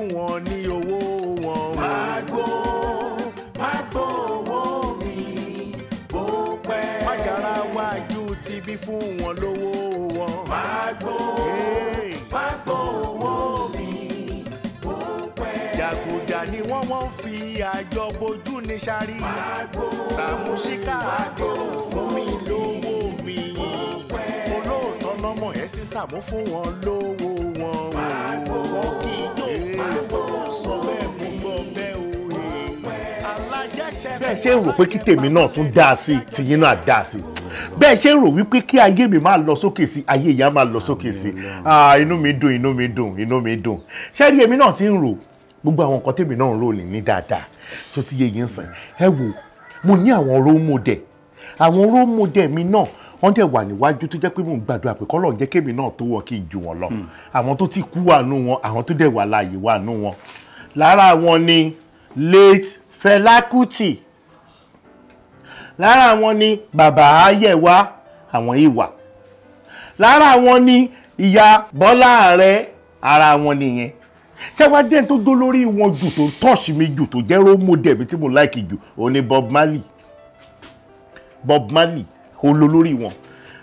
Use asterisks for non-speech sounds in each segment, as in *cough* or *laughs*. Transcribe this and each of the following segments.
fún wọn ní owó wọn. Magbo Magbo owó mi bó pẹ́. Mágara wájú ti bí fún wọn lówó wọn. Magbo Magbo owó mi bó pẹ́. Jàgùjà ni wọ́n wọ́n fi àjọ bojú ní sáré. Magbo Sàmúsíkà àdéhùn fún mi lówó mi. Olóòótọ́ lọ́mọ ẹ̀ sísàmú fún wọn lówó wọn. Magbo bẹ́ẹ̀ ṣe ń rò pé kí tèmi náà tún dáa sí i tìyín náà dáa sí i bẹ́ẹ̀ ṣe ń rò wípé kí ayé mi máa lọ sókè sí ayé ìyá máa lọ sókè sí inú mi dùn inú mi dùn inú mi dùn ṣé rí èmi náà ti ń rò gbogbo àwọn nǹkan tèmi náà ń rò ní ní dáadáa tó ti yé yín sìn ẹ wò mo ní àwọn role model àwọn role model mi náà wọ́n dẹ̀ wà níwájú tó jẹ́ pé mò ń gbàdúrà pé kọ́lọ̀ ń jẹ́ kémi náà tó wọ̀ kí n ju wọn lọ hmm. àwọn tó ti kú wà nù wọn àwọn tó dẹ̀ wà láàyè wà nù wọn lára wọn ni late Fẹlá Kútì lára wọn ni bàbá Ayẹ̀wá àwọn ìwà lára wọn ni ìyá Bọ́lá Ààrẹ ara wọn nìyẹn ṣẹ́wádé tó dó lórí wọn jù tó tọ́ọ̀ṣì mi jù tó jẹ́ rómọdé mi tí mo láìkì jù òun ni Bob Marley Bob Marley olólórí wọn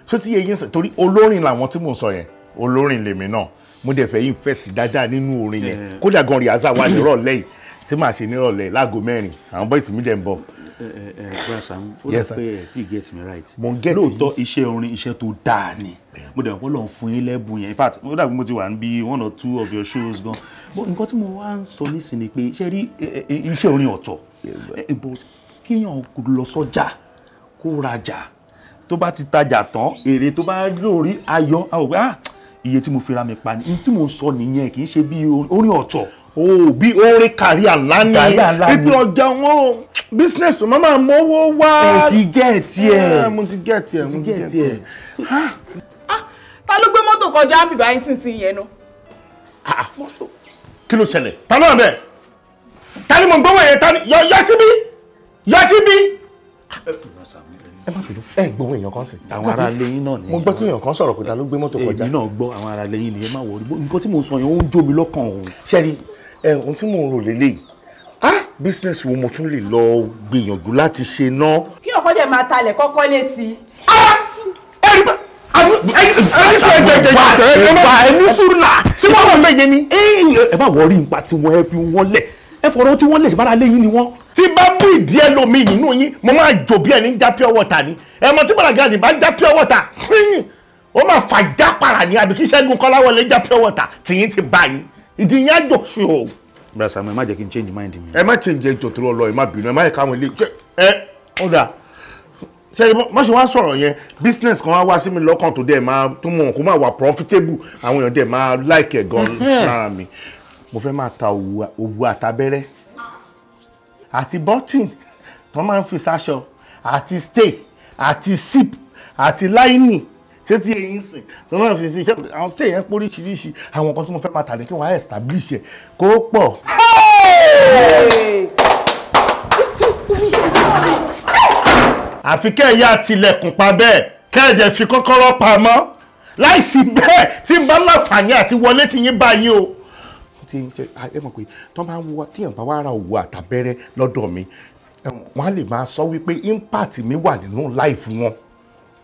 tó ti yẹ yín sẹ torí olórin làwọn tí mo ń sọ yẹn olórin lèmi náà mo dẹ̀ fẹ́ invest dáadáa nínú orin yẹn kódà gan rìhásà wà nírọ̀lẹ́ yìí tí màá ṣe nírọ̀lẹ́ láago mẹ́rin àwọn boys mi dẹ̀ ń bọ̀. ẹ ẹ ẹ gbàsán ó lè pẹ ẹ tí get me right. mo get you lóòótọ́ iṣẹ́ orin iṣẹ́ tó dáa ni mo dẹ̀ wọ́n lọ fún yín lẹ́bùn yẹn in fact ó dàbí mo ti wà níbi one or two of your shows gan but nǹkan tí mo wá ń sọ nísìnyí ni pé iṣẹ́ rí iṣẹ́ orin ọ̀tọ̀ eh, but kíyàn lọ sọ́jà kó rajà tó bá ti tajà tán èrè tó bá lórí ayọ̀ ah iye tí mo fi ra mi pa ni tí mo sọ nìyẹn kì í ṣe bí orin ọ̀tọ̀ òbí orin kárí àlá ni ibi ọjà wọn business tó máa máa mówó wá. ẹ ti gẹ̀ẹ́tì ẹ̀ ah, mo ti gẹ̀ẹ́tì ẹ̀ mo ti gẹ̀ẹ́tì ẹ̀. Ah. Ah, ta ló gbé mọ́tò kọjá bíbá yín sínsìn yẹn nu. kí ló ṣẹlẹ̀ ta náà bẹ̀ ta ni mo ń gbọ́wọ́ yẹn ta ni yọ síbí yọ síbí. ẹ má bínú ẹ gbowó èèyàn kan sí. àwọn ará lẹ́yìn náà ni. mo gbọ́ tí èèyàn kan sọ̀rọ̀ pé ta ló gbé mọ́tò kọjá. èmi náà gbọ́ àwọn ará lẹ́yìn ohun tí mò ń rò lélẹ́yìí ah business wo mo tún lè lọ gbìyànjú láti ṣe náà. kí ọkọ dẹ̀ máa talẹ̀ kọ́kọ́ lé sí i. ẹ̀rí bá ẹni sùúrùnà ṣé wọn wọn méje ni. ẹ bá wọrí ipa tí wọn ẹ fi wọn lẹ ẹ fọ̀rọ̀ tí wọn lẹ ṣe bára lé yín ni wọn. tí bá mú ìdí ẹ lómi nínú yín mo máa jò bí ẹni ń já pure water ni ẹ mọ tí bàlágàdì bá ń já pure water ó máa fà já para ni àbí kí Ṣẹ́gun Kọ́láwọlé já pure water tìyín ti bá yín ìdí yẹn á jọ ṣe o. brother Samuel ẹ má n change mind mi. ẹ má change ẹjọ tó lọ lọ ẹ má bínú ẹ má yẹ káwọn ilé ẹ ọ̀dà ṣe mọ ṣe wá sọ̀rọ̀ yẹn business kan wá wá sí mi lọ́kàn tó dẹ̀ máa tó mọ̀ kó máa wà profitable àwọn èèyàn dẹ̀ máa like ẹ̀ gan *laughs* lára mi mo fẹ́ máa ta òwú àtàbẹ́rẹ́ àti button tó máa ń fi sáṣọ àti stay àti sip àti láìní ṣé tí eyín sìn tó náà fi sí iṣẹ́ àwọn stéè yẹn póríṣiríṣi àwọn nǹkan tí mo fẹ́ máa tàlẹ́ kí wọ́n á establish ẹ̀ kó pọ̀. àfi kẹ́ẹ̀yà tilẹ̀kùn pa bẹ́ẹ̀ kẹ́ẹ̀dẹ̀ fi kọ́kọ́rọ́ pamọ́ láìsí bẹ́ẹ̀ tí n bá láǹfààní àti wọlé ti yín báyìí o tí ẹ mọ̀ pé tí wọ́n bá ń wá tí èèyàn bá wá ra òwò àtàbẹ́rẹ́ lọ́dọ̀ mi wọ́n á lè máa sọ wípé impact mi wà nínú life wọn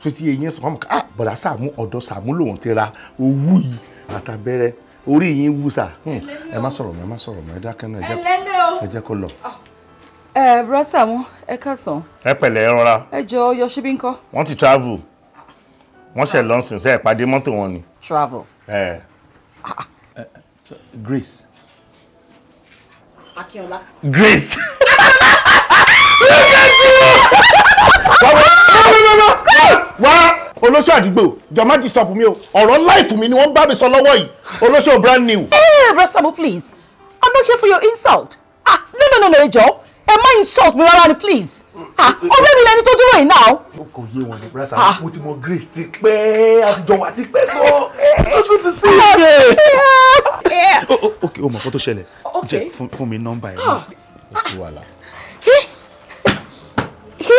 tó ti yẹ yín sàn ah bọ̀dá Sàámú ọ̀dọ̀ Sàámú lòun ti ra owó yìí àtàbẹ́rẹ́ orí yìí wú sà hmm, ẹ má sọ̀rọ̀ mọ́ ẹ má sọ̀rọ̀ mọ́ ẹ dákẹ́ náà ẹ jẹ́ kó lọ. ẹ ah. eh, bùrọ̀ Sàámú ẹ kásán. ẹ pẹ̀lẹ́ ẹ rọra. ẹ jọ yọ ṣíbí ńkọ. wọ́n ti travel wọ́n ṣe lọ́nsìn sẹ́ẹ̀ pàdé mọ́tò wọn ni. travel. ẹ. Grace. Akínọlá. Grace. *laughs* look at you. *laughs* wá olóṣù àdúgbò jọ má disturb mi o ọ̀rọ̀ life mi ni wọ́n bá mi sọ lọ́wọ́ yìí olóṣù brand new. ẹ eh, rẹsabu please i'm not here for your insult ah no no no no ẹjọ ẹ má insult mi rárá ni please ah ọ̀rẹ́ mi lẹni tó dúró yìí náà. o kò yé wọn ní brasa ah. mo ti mọ grace ti pẹ́ àtijọ́ wa ti pẹ́ kọ́ ojú ti sí i. ok o mọ̀ kó ṣẹlẹ̀ oh, jẹ́ fún mi nọ́mbà ẹ̀ náà. ó sì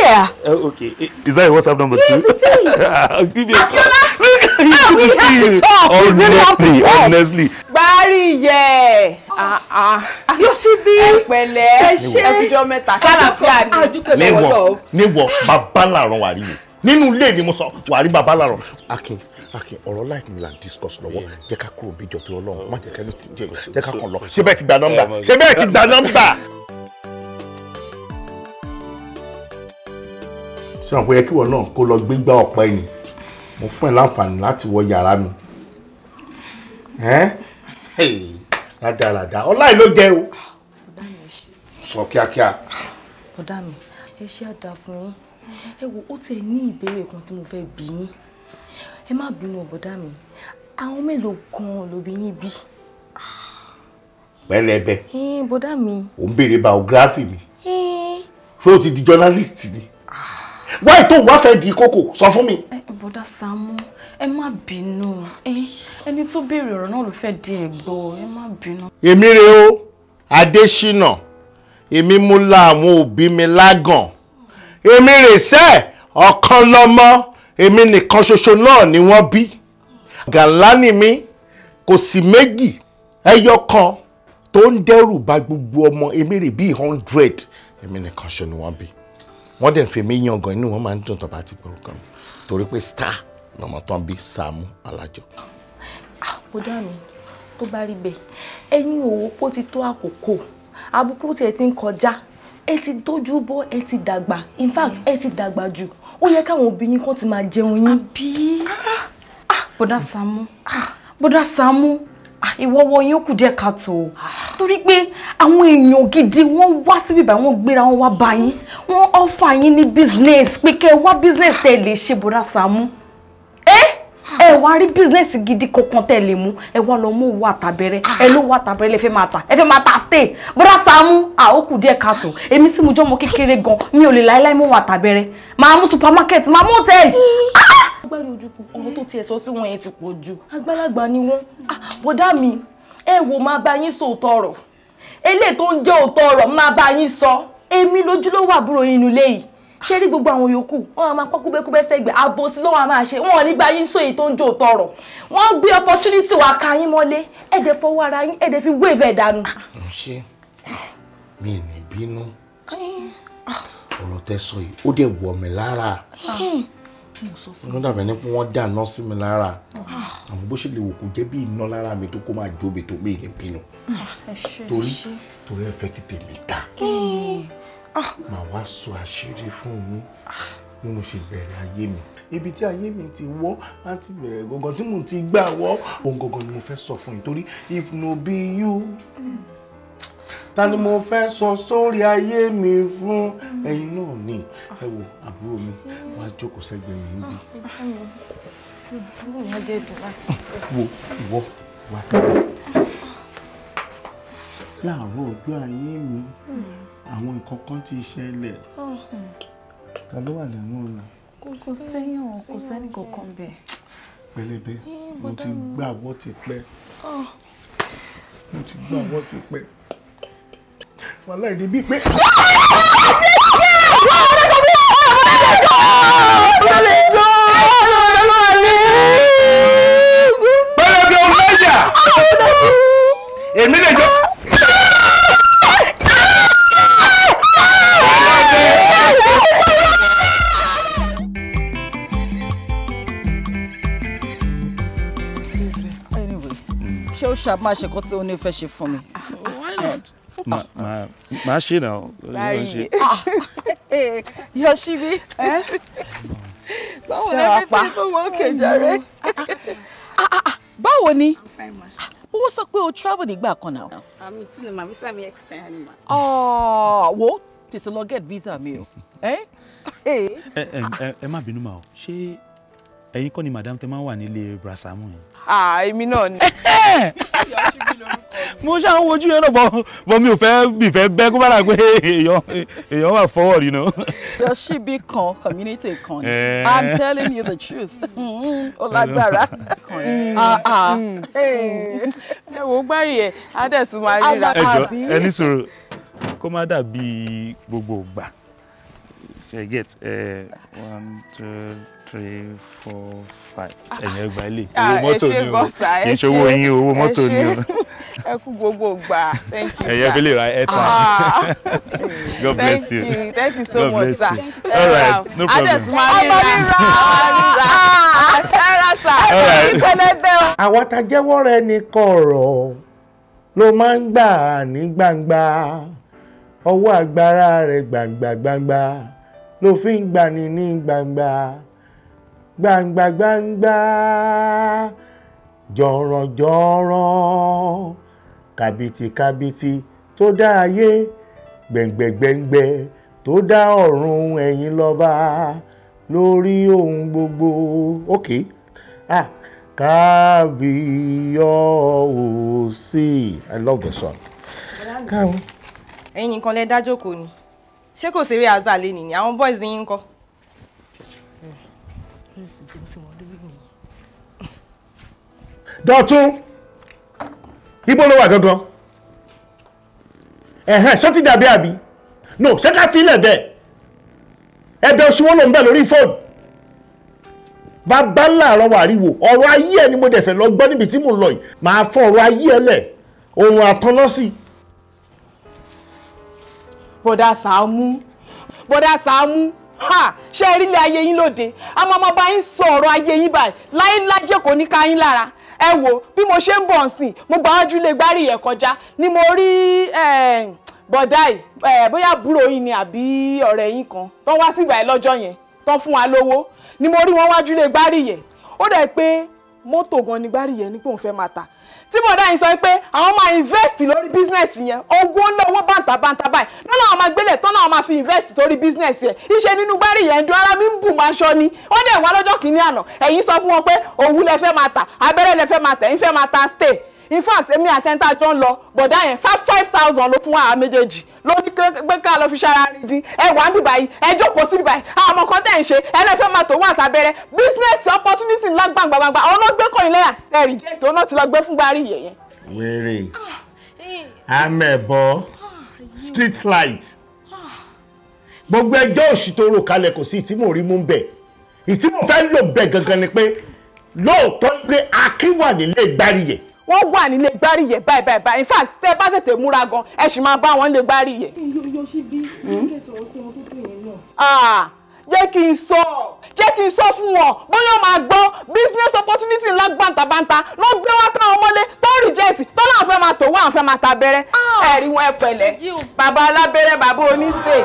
here. Uh, okay. Eh, is that your WhatsApp number yes, too? Yes, it is. *laughs* I'll give you Akiola, *laughs* ah, you no, we have to talk. Honestly, Bari, yeah. Ah, ah. ah Yosibi. Ẹ pẹ̀lẹ́. Ẹ ṣé. Ẹbíjọ́ mẹ́ta. Ṣálàfíà ni. Àdúpẹ́ lọ́wọ́ lọ. Níwọ̀ bàbá làrán wà rí mi. Nínú ilé ni mo sọ wà rí bàbá làrán. Akin Akin ọ̀rọ̀ life mi là ń discuss lọ́wọ́ jẹ́ ká kúrò níbi ìjọ tó Ọlọ́run má jẹ́ ká ní ti jẹ́ ká kàn lọ. Ṣé bẹ́ẹ̀ ti gba nọ́mbà? Ṣé bẹ́ẹ̀ ti ṣé wọn kò yẹ kí wọn náà kó lọ gbégbá ọ̀pá ẹ̀yìn mo fún ẹ láǹfààní láti wọ yàrá mi rádaràdà ọláì ló jẹ o sọ kíákíá. ọ̀dà mi ẹ ṣe àdá fún yín ẹ wo ó tẹ ní ìbéèrè kan tí mo fẹ́ bí yín ẹ má bínú ọ̀bọ̀dá mi àwọn mélòó gan-an ló bí yín bí. pẹ́lẹ́bẹ́. bọ́dá mi. ò ń béèrè biography mi. ṣé o ti di journalist ni. Why tó wá fẹ́ di kókò so fún mi. samu, Sàámú ẹ má bínú ẹni tó béèrè ọ̀rọ̀ náà ló fẹ́ di ẹ̀gbọ́ ẹ má bínú. èmi rè o Adésínà èmi mú la àwọn òbí mi lágàn èmi rè sẹ́ ọ̀kan lọ́mọ èmi nìkan ṣoṣo náà ni wọ́n bí gànlá mi kò sí méjì ẹyọ kan tó ń dẹ́rù bà gbogbo ọmọ èmi rè bíi hundred Emi nìkan ṣe ni wọ́n bí wọ́n dẹ̀ ń fi mí yan gan inú wọn máa ń dùn tó bá ti gbórúkọ mi torí pé star lọmọ tán bí Sàámú Alájọ. àbúdá ah, mi tó bá rí bẹ́ẹ̀ ẹ̀yin òwò pó ti tó àkókò àbùkù tí ẹ ti ń kọjá ẹ ti dojú bọ́ ẹ ti dàgbà in fact ẹ ti dàgbà jù ó yẹ káwọn òbí yín kan ti máa jẹun yín. àbí ah, ah. bọ́dá Sàámú bọ́dá Sàámú. Ah, ìwọ́wọ́ yín ó kù díẹ̀ káàtó torí pé àwọn èèyàn gidi wọ́n wá síbi báyìí wọ́n gbéra wọn wá bá yín wọ́n ọ́fà yín ní business pé kẹ́ wá business tẹ́ ẹ lè ṣe bọ́dá Sàámú. eh? ẹ wá rí bísínẹ́sì gidi kankan tẹ̀ lè mú ẹ wá lọ mú owó àtàbẹ̀rẹ̀ ah. ẹ ló wá àtàbẹ̀rẹ̀ lè fẹ́ máa tà ẹ fẹ́ máa tà stay bọ́dá Sàámú àókù díẹ̀ káàtó èmi tí mo jọ́ ọmọ kékeré gan mi ò lè láéláé mú owó àtàbẹ̀rẹ̀ máa mú supermarket máa mú hotel agbárí ah! ojúkù ọ̀rọ̀ tó tiẹ̀ sọ sí wọn yẹn ti pọ̀ jù àgbàlagbà ni wọ́n ah, bọ́dá mi ẹ wò máa bá yín sòótọ́ ọ̀rọ̀ eléyìí tó ń jẹ́ òótọ́ ọ̀rọ̀ máa bá yín sọ èmi ṣé rí gbogbo àwọn yòókù wọn máa kọ́ kúbẹ́kúbẹ́ sẹ́gbẹ̀ àbòsí ló wọn máa ṣe wọn ò ní gba yín sóyè tó ń jó tọrọ wọn gbé opportunity wà ká yín mọ́lé ẹ̀dẹ̀ fọwọ́ ara yín ẹ̀dẹ̀ fi wéèvẹ̀ dànù. ṣé mi ì ní bínú ọ̀rọ̀ tẹ́ sọ yìí ó dẹ̀ wọ̀ mí lára inú dàbẹ̀ ni pé wọ́n dáná sí mi lára àmọ́ bó ṣe lè wò kó jẹ́ bí iná lára mi tó kó máa jóbe tó mí ní bínú torí torí ẹ fẹ́ tètè mi ta. Ah. màá wá sọ àṣírí fún mi bí mo ṣe bẹ̀rẹ̀ ayé mi ibi tí ayé mi ti wọ́ láti bẹ̀rẹ̀ gọ́gọ́ tí mo ti gbà wọ́ òun gọ́gọ́ ni mo fẹ́ sọ fún yín torí if no be you ta ni mo fẹ́ sọ sórí ayé mi fún ẹ̀yin náà ni ẹ wo àbúrò mi wàá jókòó sẹ́gbẹ̀ẹ́ mi níbí. wo ìwọ wá síbẹ̀ láàárọ̀ ọjọ́ ayé mi àwọn nǹkan kan ti ṣẹlẹ̀ ta ló wà lẹ́wọ̀n ọ̀la. kò séyàn kò sẹ́ni kankan bẹ́ẹ̀. pẹlẹbẹ ah. mo ti gbà ti pẹ́ mo ti gbà ti pẹ́ wàhálà ìdí bíi pé. èmi lè jọ. ṣáà máa ṣe kó tí o ní o fẹ́ ṣe fún mi. màá ṣe náà. báyìí ah, *laughs* yọ̀ṣibí báwo ni everything bó wọ́n kè jàre. Mm. *laughs* báwo ni owó sọ pé o travel nígbà kan náà. àmì tí ni màá visa mi expire ni mà. Ah, wo tètè lọ get visa mi o. *laughs* Eh? Eh, eh, ẹ má bínú mà o ṣé ẹ̀yin kọ́ ni Madame tẹ máa ń wà nílé brasamu yẹn. èmi náà ni. mo ṣáà ń wojú yẹn náà bọ bọ mi ò fẹ́ mi fẹ́ bẹ́ kó bá rà pé èèyàn wà fọwọ́ rí náà. yọ síbi kan community kan ni eh. i'm telling you the truth *laughs* ó lágbára. *laughs* Ah, ah. ẹ wo gbárí ẹ adẹ́tù máa ríra. ẹ jọ ẹni sọ̀rọ̀ kó má dàbí gbogbo ìgbà ṣe get eh, one two three four five. Ah, ẹ̀yin ẹgbàá ilé ah, ah, owó mọ́tò ni o kì í ṣe owó yín owó mọ́tò ni o. ẹ kú gbogbo gbà thank you sir. ẹ̀yẹ́ fi lè ra airtime. God bless you. thank you thank you so God much sir. all right no problem. adẹ̀sùnmọ́lẹ́ra ẹ̀rọ sà ẹ̀rọ ìtẹ̀lẹ́tẹ̀. àwa ta jẹ́wọ́ rẹ ní kọ̀rọ̀ ló máa ń gbà ní gbangba ọwọ́ agbára rẹ̀ gbàgbà gbangba ló fi ń gbani ní gbangba gbangba gbangba jọ̀rọ̀jọ̀rọ̀ kàbìtì kàbìtì tó dá ayé gbẹ̀ngbẹ̀gbẹ̀ngbẹ̀ tó dá ọ̀run ẹ̀yin lọ́ba lórí ohun gbogbo ok ah kábíyọ̀ọ́sì i love the song. ẹ̀yin nìkan lẹ dá jókòó ni ṣé kò ṣeré azalé nìyí àwọn boys yín ń kọ́ ní sì jẹun sí wọn lórí mi. dọ̀tún ibo ló wà gangan ẹ̀hẹ́n ṣọ́tì dàbí àbí no ṣé ká fílẹ̀ bẹ́ẹ̀ ẹ̀bẹ̀ oṣù wọn ló ń bẹ̀ lórí fóònù bàbá làárọ̀ wà ríwo ọ̀rọ̀ ayé ẹ̀ ni mo dẹ̀ fẹ́ lọ gbọ́ níbi tí mo lọ yìí màá fọ ọ̀rọ̀ ayé ẹ̀ lẹ̀ òun àtọ́lọ́sì. bọ̀dá Sàámú bọ̀dá Sàámú ha ṣe rí ilé ayé yín lóde a máa máa bá yín sọ ọ̀rọ̀ ayé yín báyìí láyé lájẹ́ kò ní ká yín lára ẹ wò bí mo ṣe ń bọ̀ nsìn mo gbà wájú lè gbárí yẹn kọjá ni mo rí eh, bọ̀dá yìí eh, bóyá àbúrò yìí ni àbí ọ̀rẹ́ yín kan tó wá sígbà ẹ lọ́jọ́ yẹn tó fún wa lówó ni mo rí wọn wájú lè gbárí yẹn ó dẹ̀ pé mọ́tò gan ni gbárí yẹn ni pé òun fẹ́ máa tà tí bọ̀dá yìí sọ pé àwọn máa invest lórí business yẹn owó ńlá owó bàǹtà bàǹtà báyìí lọ́nà àwọn máa gbélé tán náà máa fi invest sórí business yẹn iṣẹ́ nínú gbárí yẹn ń dún ara mi ń bù máa ṣọ ni ó dẹ̀ wá lọ́jọ́ kìíní àná ẹ̀yin sọ fún wọn pé òwú lẹ fẹ́ máa tà abẹ́rẹ́ lẹ fẹ́ máa tà ẹ̀yin fẹ́ máa ta stay in fact èmi àtẹ́ńtà jọ ń lọ bọ̀dá yẹn five five thousand ló fún àwa méjèèjì ló ní pé ká lọ fi ṣara rìn dín ẹ wà níbí báyìí ẹ jókòó sí báyìí àwọn ọmọ kan tẹ̀ ń ṣe ẹlẹ́fẹ́ máa tó wà sábẹ́rẹ́ business opportunity ńlá gbàngbàngbà àwọn náà gbé kọ́yìn lẹ́yà tẹ̀rì jẹ́ ìtò náà ti lọ gbé fún gbárí yẹ̀yẹn. wèrè ah, eh. amẹ̀bọ ah, street light ah. gbogbo ẹjọ́ òṣì tó rò kalẹ̀ kò sí ìtí mò rí mú bẹ̀ ìtí mò fẹ́ lò bẹ̀ gangan ni pé lóòótọ́ pé akínwà nílé gbárí yẹn wọ́n wà nílé gbáríyẹ̀ báyìí báyìí báyìí in fact tẹ́ ẹ bá tètè múra gan ẹ sì máa bá wọn lé gbáríyẹ̀. Hmm? Ah, jẹ́ kí n sọ jẹ́ kí n sọ fún wọn bóyá wọ́n máa gbọ́ business opportunity ńlá gbàǹtàbàǹtà ló gbé wá fún àwọn ọmọlé tó reject tó náà fẹ́ máa tò wá àwọn fẹ́ máa ta bẹ́rẹ́ ah! ẹ̀rí wọn ẹ pẹ̀lẹ́ bàbá alábẹ́rẹ́ bàbá oníṣe.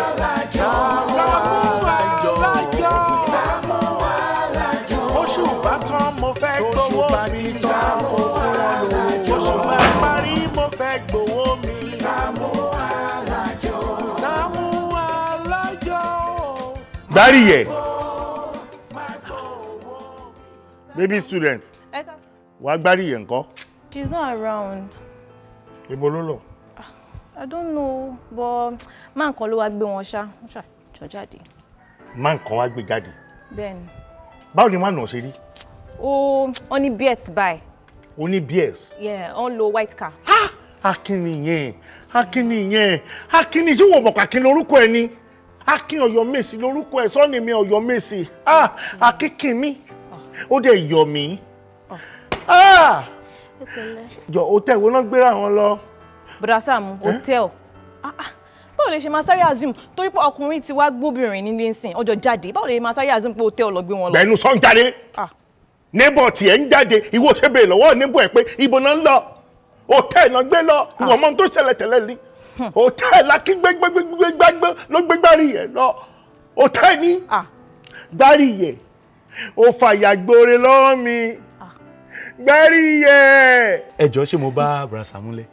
oṣù bàtàn mo fẹ́ gbowó mi. Gbáríyẹ̀ baby student wàá Gbáríyẹ̀ ńkọ́. she's not around. ibo ló lọ. i don't know but man kan ló wá gbé wọn ṣá jọ jáde. man kan wá gbé jáde. bẹ́ẹ̀ni. báwo ni wọn nà ṣe rí. o ó ní beers báyìí. ó ní beers. yeah ó ń lo white car. ha akínni yẹn akínni yẹn akínni tí wọn bọ̀ pàkínni orúkọ ẹ ni akin ọ̀yọ́mèsì lórúkọ ẹ̀ sọ́ni mi ọ̀yọ́mèsì ah, akínkìn mi ó dẹ̀ yọ̀ mí. Ah! jọ hotel wo náà gbéra wọn lọ. bùdá Sàámú hotel báwo lè ṣe máa sáré azum torí pé ọkùnrin ti wá gbóbìnrin nílé nsìn ọjọ́ jáde báwo lè máa sáré azum pé hotel lọ gbé wọn lọ. bẹ́ẹ̀ni sọ ń jáde ah. níbọ̀ tiẹ̀ ń jáde ìwọ ṣe bèèrè lọ́wọ́ níbọ̀ ẹ̀ pé ibo náà ń lọ hotel náà gbé lọ ìwọ ọmọ tó ṣẹlẹ̀ tẹ́lẹ̀ ni hòtẹ́ẹ̀lì akíngbégbégbégbé ló gbé gbárí yẹn lọ hòtẹ́ẹ̀lì ní gbárí yẹn ó fàyà gbore lọ́wọ́ mi gbárí yẹn. ẹjọ ṣé mo bá brasamule.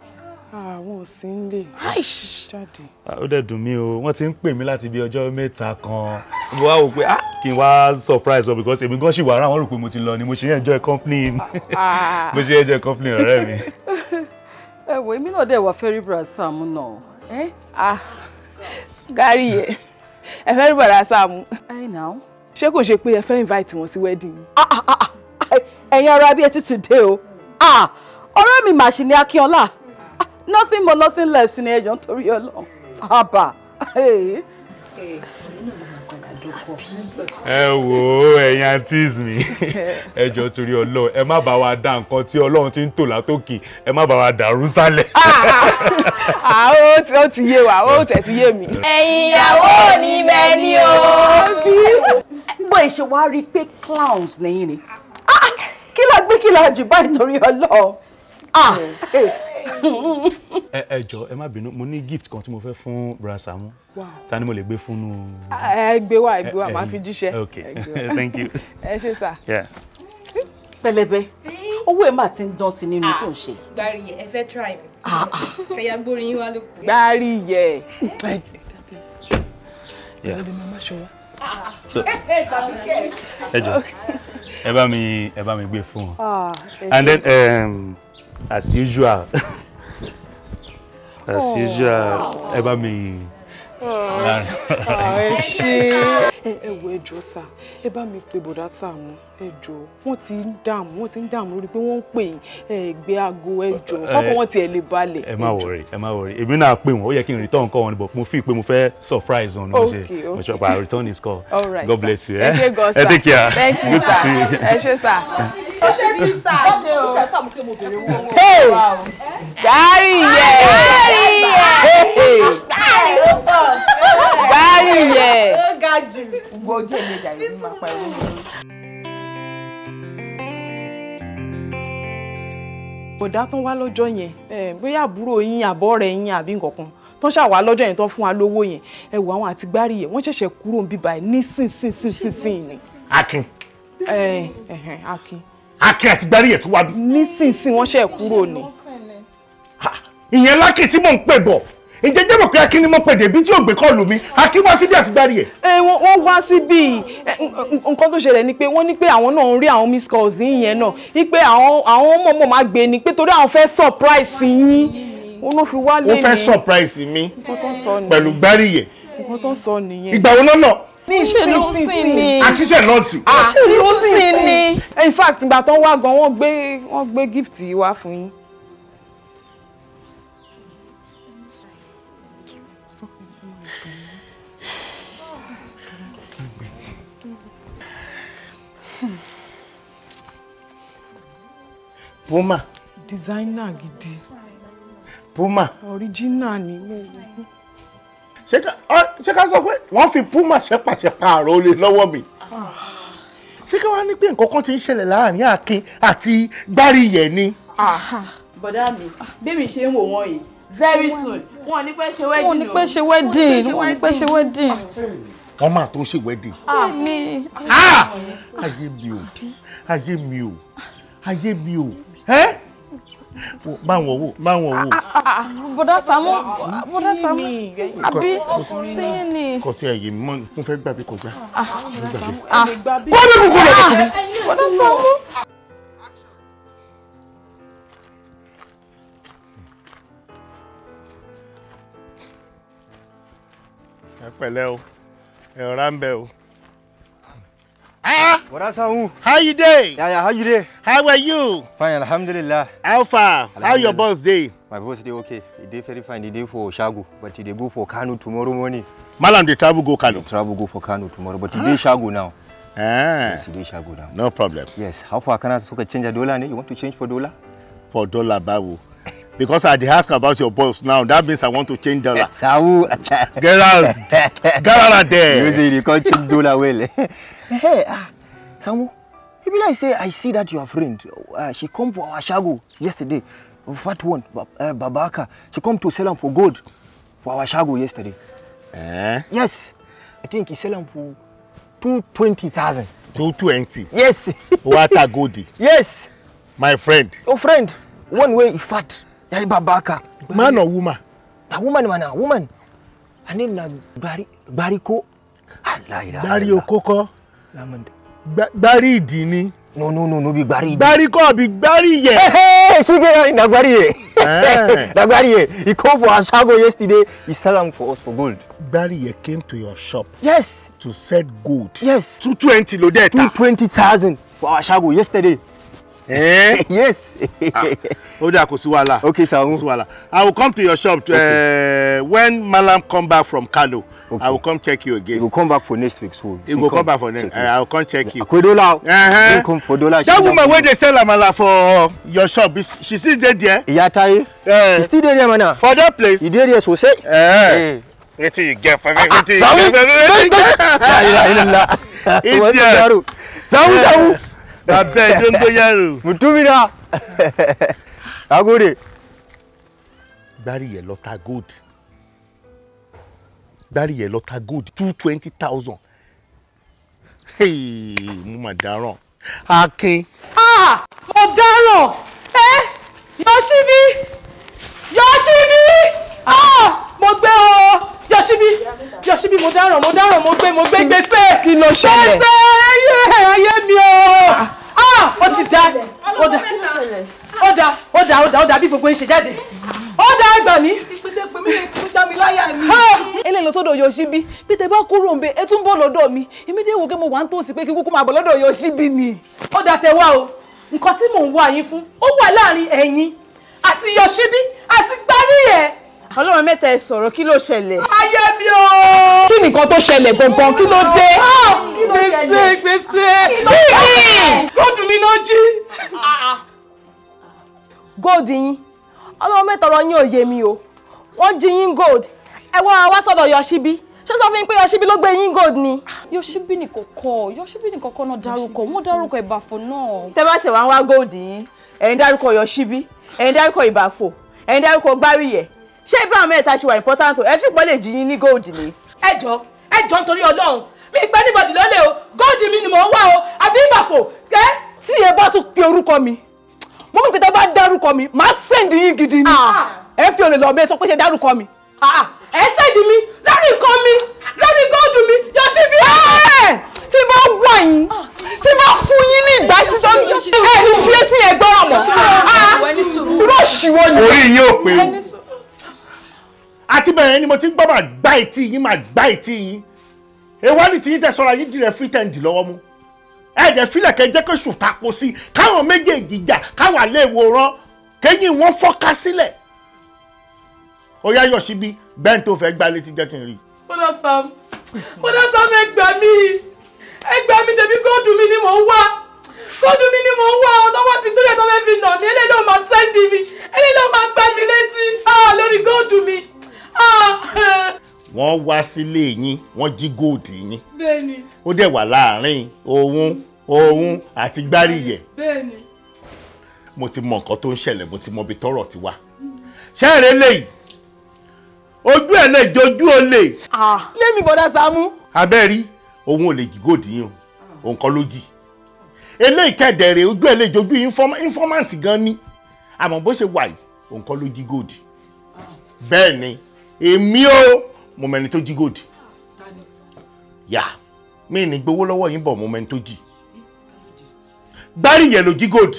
àwọn ò sí ń lè jáde. ó dẹ̀ dùn mí o wọ́n ti ń pè mí láti bí ọjọ́ mẹ́ta kan wá wò pé ah! kí n wá surprise wọn because èmi gan ṣì wà ara wọn rò pé mo ti lọ ni mo ṣe ń enjoy company ah. *laughs* mo ṣe ń enjoy company ọ̀rẹ́ mi. *laughs* ẹ wo èmi náà dẹ̀ wá fẹ́rí bra Sam náà ẹ ah gari yẹ ẹ fẹ́rí bra Sam. ẹ nà ó. ṣé kò ṣe pé ẹ fẹ́ invite wọn sí wedding. Ah, ah, ah, ẹ̀yin ara bíi etí today o ọ̀rẹ́ mi màṣì ni Akínọlá nothing more nothing less ni ẹ̀jọ̀ nítorí Ọlọ́run àbá ẹ wo ẹ̀yin aunties mi ẹ jọ torí Ọlọ́run ẹ má bá wa dá nǹkan tí Ọlọ́run ti ń tò látòkè ẹ má bá wa dàrú sálẹ̀. àwọn *laughs* ah, ó ti yé wa ó tẹ̀ ti yé mi. ẹ̀yin ìyàwó ni mẹ́ni o. bó ṣe wá rí i pé clowns lẹ́yìn ni ah, kí la gbé kí la jù báyìí torí Ọlọ́run. Ah. ẹ ẹ jọ ẹ má bínú mo ní gift kan tí mo fẹ́ fún Brother Saamu ta ni mo lè gbé fún un. ẹ gbé wá ẹ gbé wá màá fi jíṣẹ́. ok *laughs* thank you. ẹ ṣe sà. pẹlẹbẹ owó ẹ máa ti ń dán sí nínú ah. tó ń ṣe. gbárí yẹ ẹ fẹ́ try mi. Ah, kẹyà gbórí yín wá lóko. gbárí yẹ. ọ̀dẹ̀ màmá ṣọwọ́ *laughs* ẹ jọ ẹ bá mi ẹ bá mi gbé fún wọn and then. Um, as usual *laughs* as oh. usual ẹ bá mi. ẹ ṣe ẹ wo ẹjọ sá ẹ bá mi pe bọ̀dá Sàámú ẹjọ wọn ti ń dààmú wọn ti ń dààmú lórí pé wọn ń pè ẹ gbé aago ẹjọ kọkọ wọn tiẹ̀ lè balẹ̀. ẹ má wọrí ẹ má wọrí èmi náà pè wọn ó yẹ kí n return call wọn ni but mo fi pé mo fẹ́ surprise wọn ni mo ṣe mo ṣe pa return his call god bless you ẹ eh? ẹ take care good to see you. ẹ ṣe sá ó ṣe ní ìta ṣe o gbárí yẹ gbárí yẹ gbárí yẹ ó ga jù gbogbo ojú tán wá lọ́jọ́ yẹn bóyá àbúrò yín àbọ̀ rẹ̀ yín àbí nǹkankan tán ṣàwá lọ́jọ́ yẹn tán fún wa lówó yẹn ẹ wò àwọn àti gbárí yẹn wọ́n ṣẹ̀ṣẹ̀ kúrò níbí báyìí nísinsìnyí. akin. ẹ ẹ akin akẹ́ àti gbárí ẹ̀ tó wá bí. nísinsìnyí wọ́n ṣe kúrò ni. ìyẹn lákì tí mò ń pè bọ̀ ǹjẹ́ jẹ́ mọ̀ pé akí ni mo pè débi tí ògbé kọ́ lù mí akí wá síbi àti gbárí ẹ̀. ẹ wọ́n wá síbi nǹkan tó ṣẹlẹ̀ ni pé wọ́n ní pé àwọn náà ń rí àwọn miss calls yẹn náà ni pé àwọn ọmọ ọmọ máa gbé ni pé torí àwọn fẹ́ surprise yín wọn fi wá lé mi. wọ́n fẹ́ surprise mi pẹ̀lú gbárí yẹ̀. nǹkan tó ń sọ nìyẹn. ìgbà wo lọ́nà ní ìsinsìn ni àkíṣe lọ́ọ̀tì. àṣẹ lọ́ọ̀tì ni. in fact ìgbà tó ń wá gan wọ́n gbé wọ́n gbé gift yìí wá fún yín. Puma. designer gidi. Puma. original ni mo wò ṣé ká sọ pé wọ́n fi puma ṣẹ́pàṣẹ́pà àrò olè lọ́wọ́ mi ah. ṣé ká wá ní pé nǹkan kan ti ń ṣẹlẹ̀ láàrin akin àti gbáríyẹ̀ ni. bọ̀dá mi bí mi ṣe ń wò wọ́n yìí very soon wọn ò ní pẹ́ ṣe wedding o ò ní wedding wọn ò ní pẹ́ ṣe wedding wọ́n máa tó ṣe wedding. àmín. Ah. Ah. ayé mi o ayé mi o ayé mi o báwọn owó báwọn owó. bọ̀dá Sàámú bọ̀dá Sàámú àbí tíyín ni. kò tí ẹ yé mi mo fẹ́ gbàgbé kò gbà. Ah, ah. kó ní kúkú rẹ̀ tó ah, mi. bọ̀dá Sàámú. ẹ pẹ̀lẹ́ o ẹ ọ̀rá ń bẹ o. Ah, What else are How you day? Yeah, yeah, how you day? How are you? Fine, alhamdulillah. How far? How your boss day? My boss day okay. He day very fine. He day for shago, but he day go for Kano tomorrow morning. Malam they travel go Kano. They travel go for Kano tomorrow, but he huh? day Shagu now. Ah. Yes, he day Shagu now. No problem. Yes. How far can I so change a dollar? You want to change for dollar? For dollar, babu. because I had asked about your boss now. That means I want to change dollar. *laughs* Saul, *laughs* get out, get out of there. You see, you can't change dollar well. *laughs* hey, ah, Samu, maybe like say I see that your friend, uh, she come for our shago yesterday. fat one, uh, Babaka? She come to sell him for gold for our shago yesterday. Eh? Yes, I think he sell him for two twenty Yes. What a goodie. Yes. My friend. Your friend, one way he fat. ya yi babaka man or woman na woman mana ah, woman her name na bari bariko dari ah, okoko gbari ìdí ni. no no no no be gbari ìdí. gbari kọ́ bi gbari yẹ. ṣíkẹ́ na gbari yẹ eh. *laughs* na gbari yẹ he come for asago yesterday he sell am for us for gold. gbari yẹ came to your shop. yes. to sell gold. yes. two twenty lo dẹ́ ta. two twenty thousand for asago yesterday. Eh? *laughs* yes. Ah, ó dà kò okay sir. i will come to your shop to, uh, okay. uh, when malam come back from kano. Okay. I will come check you again. You will come back for next week. So you will come, come back for next. Uh, I will come check you. Akwedola. Uh-huh. Come for dollar. That woman where they sell amala for your shop, is she still dead there? Yeah, Tai. Yeah. Eh. she still dead there, man. For that place. You there there, so say. Uh, eh. hey. Wetin you get for me? Wetin you get for me? Wetin you get for me? Wetin you get for me? Wetin you get for me? Bàbá Dóngóyárò. Mùtúmìnà. Agóde. Gbárí yẹn *laughs* lọ́ta gold. Gbárí yẹn lọ́ta gold two twenty thousand. Mo mà dáràn. Akin. Ah, mo dáràn. Yọ̀ṣíbí. Yọ̀ṣíbí. Ah, mo gbé o. Yọ̀ṣíbí. Yọ̀ṣíbí mo dáràn mo dáràn mo gbé mo gbé gbèsè. Kí ló ṣẹlẹ̀? Gbèsè ayé ayé mi o. Ah, ah o ti da ó da ó da o da ó da ó da bí gbogbo yín ṣe jáde ó da ẹ gbà mí. ìpèsè pè mí lè tún dá mi láyà mi. eléyìí lọ sọ́dọ̀ Yoshibi bí tẹ bá kúrò ń bẹ ẹ tún bọ̀ lọ́dọ̀ mi èmi dé wò pé mo wà ń tòsí pé kí kúkú máa bọ̀ lọ́dọ̀ Yoshibi ni. ó da tẹ wá o nǹkan tí mò ń wá yín fún ó wà láàrin ẹ̀yin àti Yoshibi àti gbárí ẹ̀ ọlọ́run mẹ́ta ẹ sọ̀rọ̀ kí ló ṣẹlẹ̀. ayé mi o. kí nìkan tó ṣẹlẹ̀ gangan kí ló dé. Ah, ah, gbèsè gbèsè bíbí góòdù mi ló jí. gold? yín ọlọ́run mẹ́ta ọ̀rọ̀ yín ò yé mi o wọ́n jí yín gold ẹ wá wá sọ̀dọ̀ yọ̀ṣíbí ṣé sọ fún mi pé yọ̀ṣíbí ló gbé yín gold ni. yọ̀ṣíbí nìkan kọ yọ̀ṣíbí nìkan kọ náà dárúkọ wọ́n dárúkọ ìbàfọ̀ náà. tẹ́ bá tẹ̀ wá ń wá gold yín ẹ̀yin dárúkọ yọ̀ṣíbí ẹ̀yin dárúkọ ìbàfọ̀ ẹ̀yin dárúkọ gbáríyẹ̀ ṣé brown mẹ́ta ṣe wà important o ẹ fìpọ́ lè jí yín ní gold ni. ẹ jọ ẹ jọ nítorí Ọlọ́run mi gbẹ níbọdì lọlẹ o gold mi ni mò ń wá o àbí ìbàfò kẹ. tí ẹ bá tún pe orúkọ mi mo mọ̀ pé tẹ́ bá dárúkọ mi màá sẹ́ǹdì yín gidi ni ah. ẹ fi olè lọ bẹ́ẹ̀ sọ pé ṣe dárúkọ mi. Ah, ẹ sẹ́ǹdì mi lórí nǹkan mi lórí góòdù mi yóò ṣe bí. tí bá wà yín ah. tí bá fún yín ní ìgbà tí sọ ẹ ní fi etí yẹn gbọ́ràn mọ́ irú òṣìwọ́ ni. orí yín ò pé àti bẹ̀rẹ̀ ni mo ti ń gbọ́ máa gbá etí yín máa gbá etí yín èèwọ̀ ni tiyín tẹ sọ́ra yín dìrẹ̀ free ten d lọ́wọ́ mu ẹ̀ẹ́dẹ̀ filẹ̀ kẹ́ jẹ́ kó ṣùtà po sí káwọn méjèèjì jà káwọn àlẹ́ ìwòran kéyìn wọ́n fọ́ká sílẹ̀ ó yá yọ̀ síbi bẹ́ẹ̀ tó fẹ́ gbá létí jẹ́ kí n rí. bọ́dà sam bọ́dà sam ẹ gbà mí ẹ gbà mí ṣebí góòdù mi ni mò ń wá góòdù mi ni mò ń wá ọlọ́wọ́ ti tó lẹ́tọ́ fẹ́ fi nà mí eléyìí ló máa sẹ́ndì mi eléyìí ló máa gbá mi létí ah, lórí góòdù mi wọ́n wá sílé yín wọ́n jí góòdì yín. bẹ́ẹ̀ni. ó dẹ̀ wà láàárín òun òun àti gbáríyẹ̀. bẹ́ẹ̀ni. mo ti mọ nǹkan tó ń ṣẹlẹ̀ mo ti mọ ibi tọ́rọ̀ ti wá. ṣẹ́ẹ̀rẹ́ lèyí ojú ẹ̀ lè jojú olè. lémi bọ̀dá Sàámú. abẹ́rí òun ò lè jí góòdì yín o òun ló jì. eléyìí kẹ̀dẹ̀rẹ̀ ojú ẹ̀ lè jojú informant gan ni àmọ́ bó ṣe wà yìí òun ló jí góòdì. bẹ́ẹ̀ ni èmi o mo mẹni tó jí gòdì yà mí ní gbowó lọ́wọ́ yín bọ̀ mo mẹni tó jí gbárí yẹn ló jí gòdì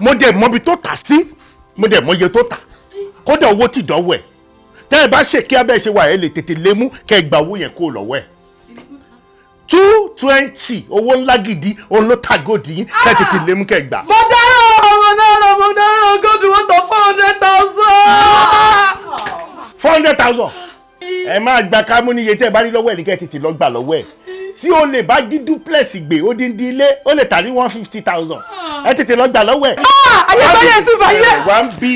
mo dẹ̀ mọbi tó tà sí mo dẹ̀ mọye tó tà kódà owó ti dọ́wọ́ ẹ̀ tẹ́ ẹ bá ṣe kí abẹ́ ṣe wà ẹ lè tètè lé mú kẹ́ ẹ gba owó yẹn kó lọ́wọ́ ẹ̀ two twenty owó ńlá gidi òun ló ta gòdì yín kẹ́ ẹ ah! tètè lé mú kẹ́ ẹ gbà. mo dárò ọmọ náírà mo dárò gòdì wọ́n tọ́ four hundred thousand. Ah! four hundred thousand *gasps* ẹ máa gba kámú ní iye tẹ́ ẹ bá rí lọ́wọ́ ẹ̀ ní kẹ́ ẹ tètè lọ gbà lọ́wọ́ ẹ̀ tí o lè bá di duplex gbé odindi ilé o lè tà ní one fifty thousand ah. ẹ tètè lọ gbà lọ́wọ́ ẹ̀. ayọ̀bọ̀lẹ̀ tún bá yẹ. wà á bí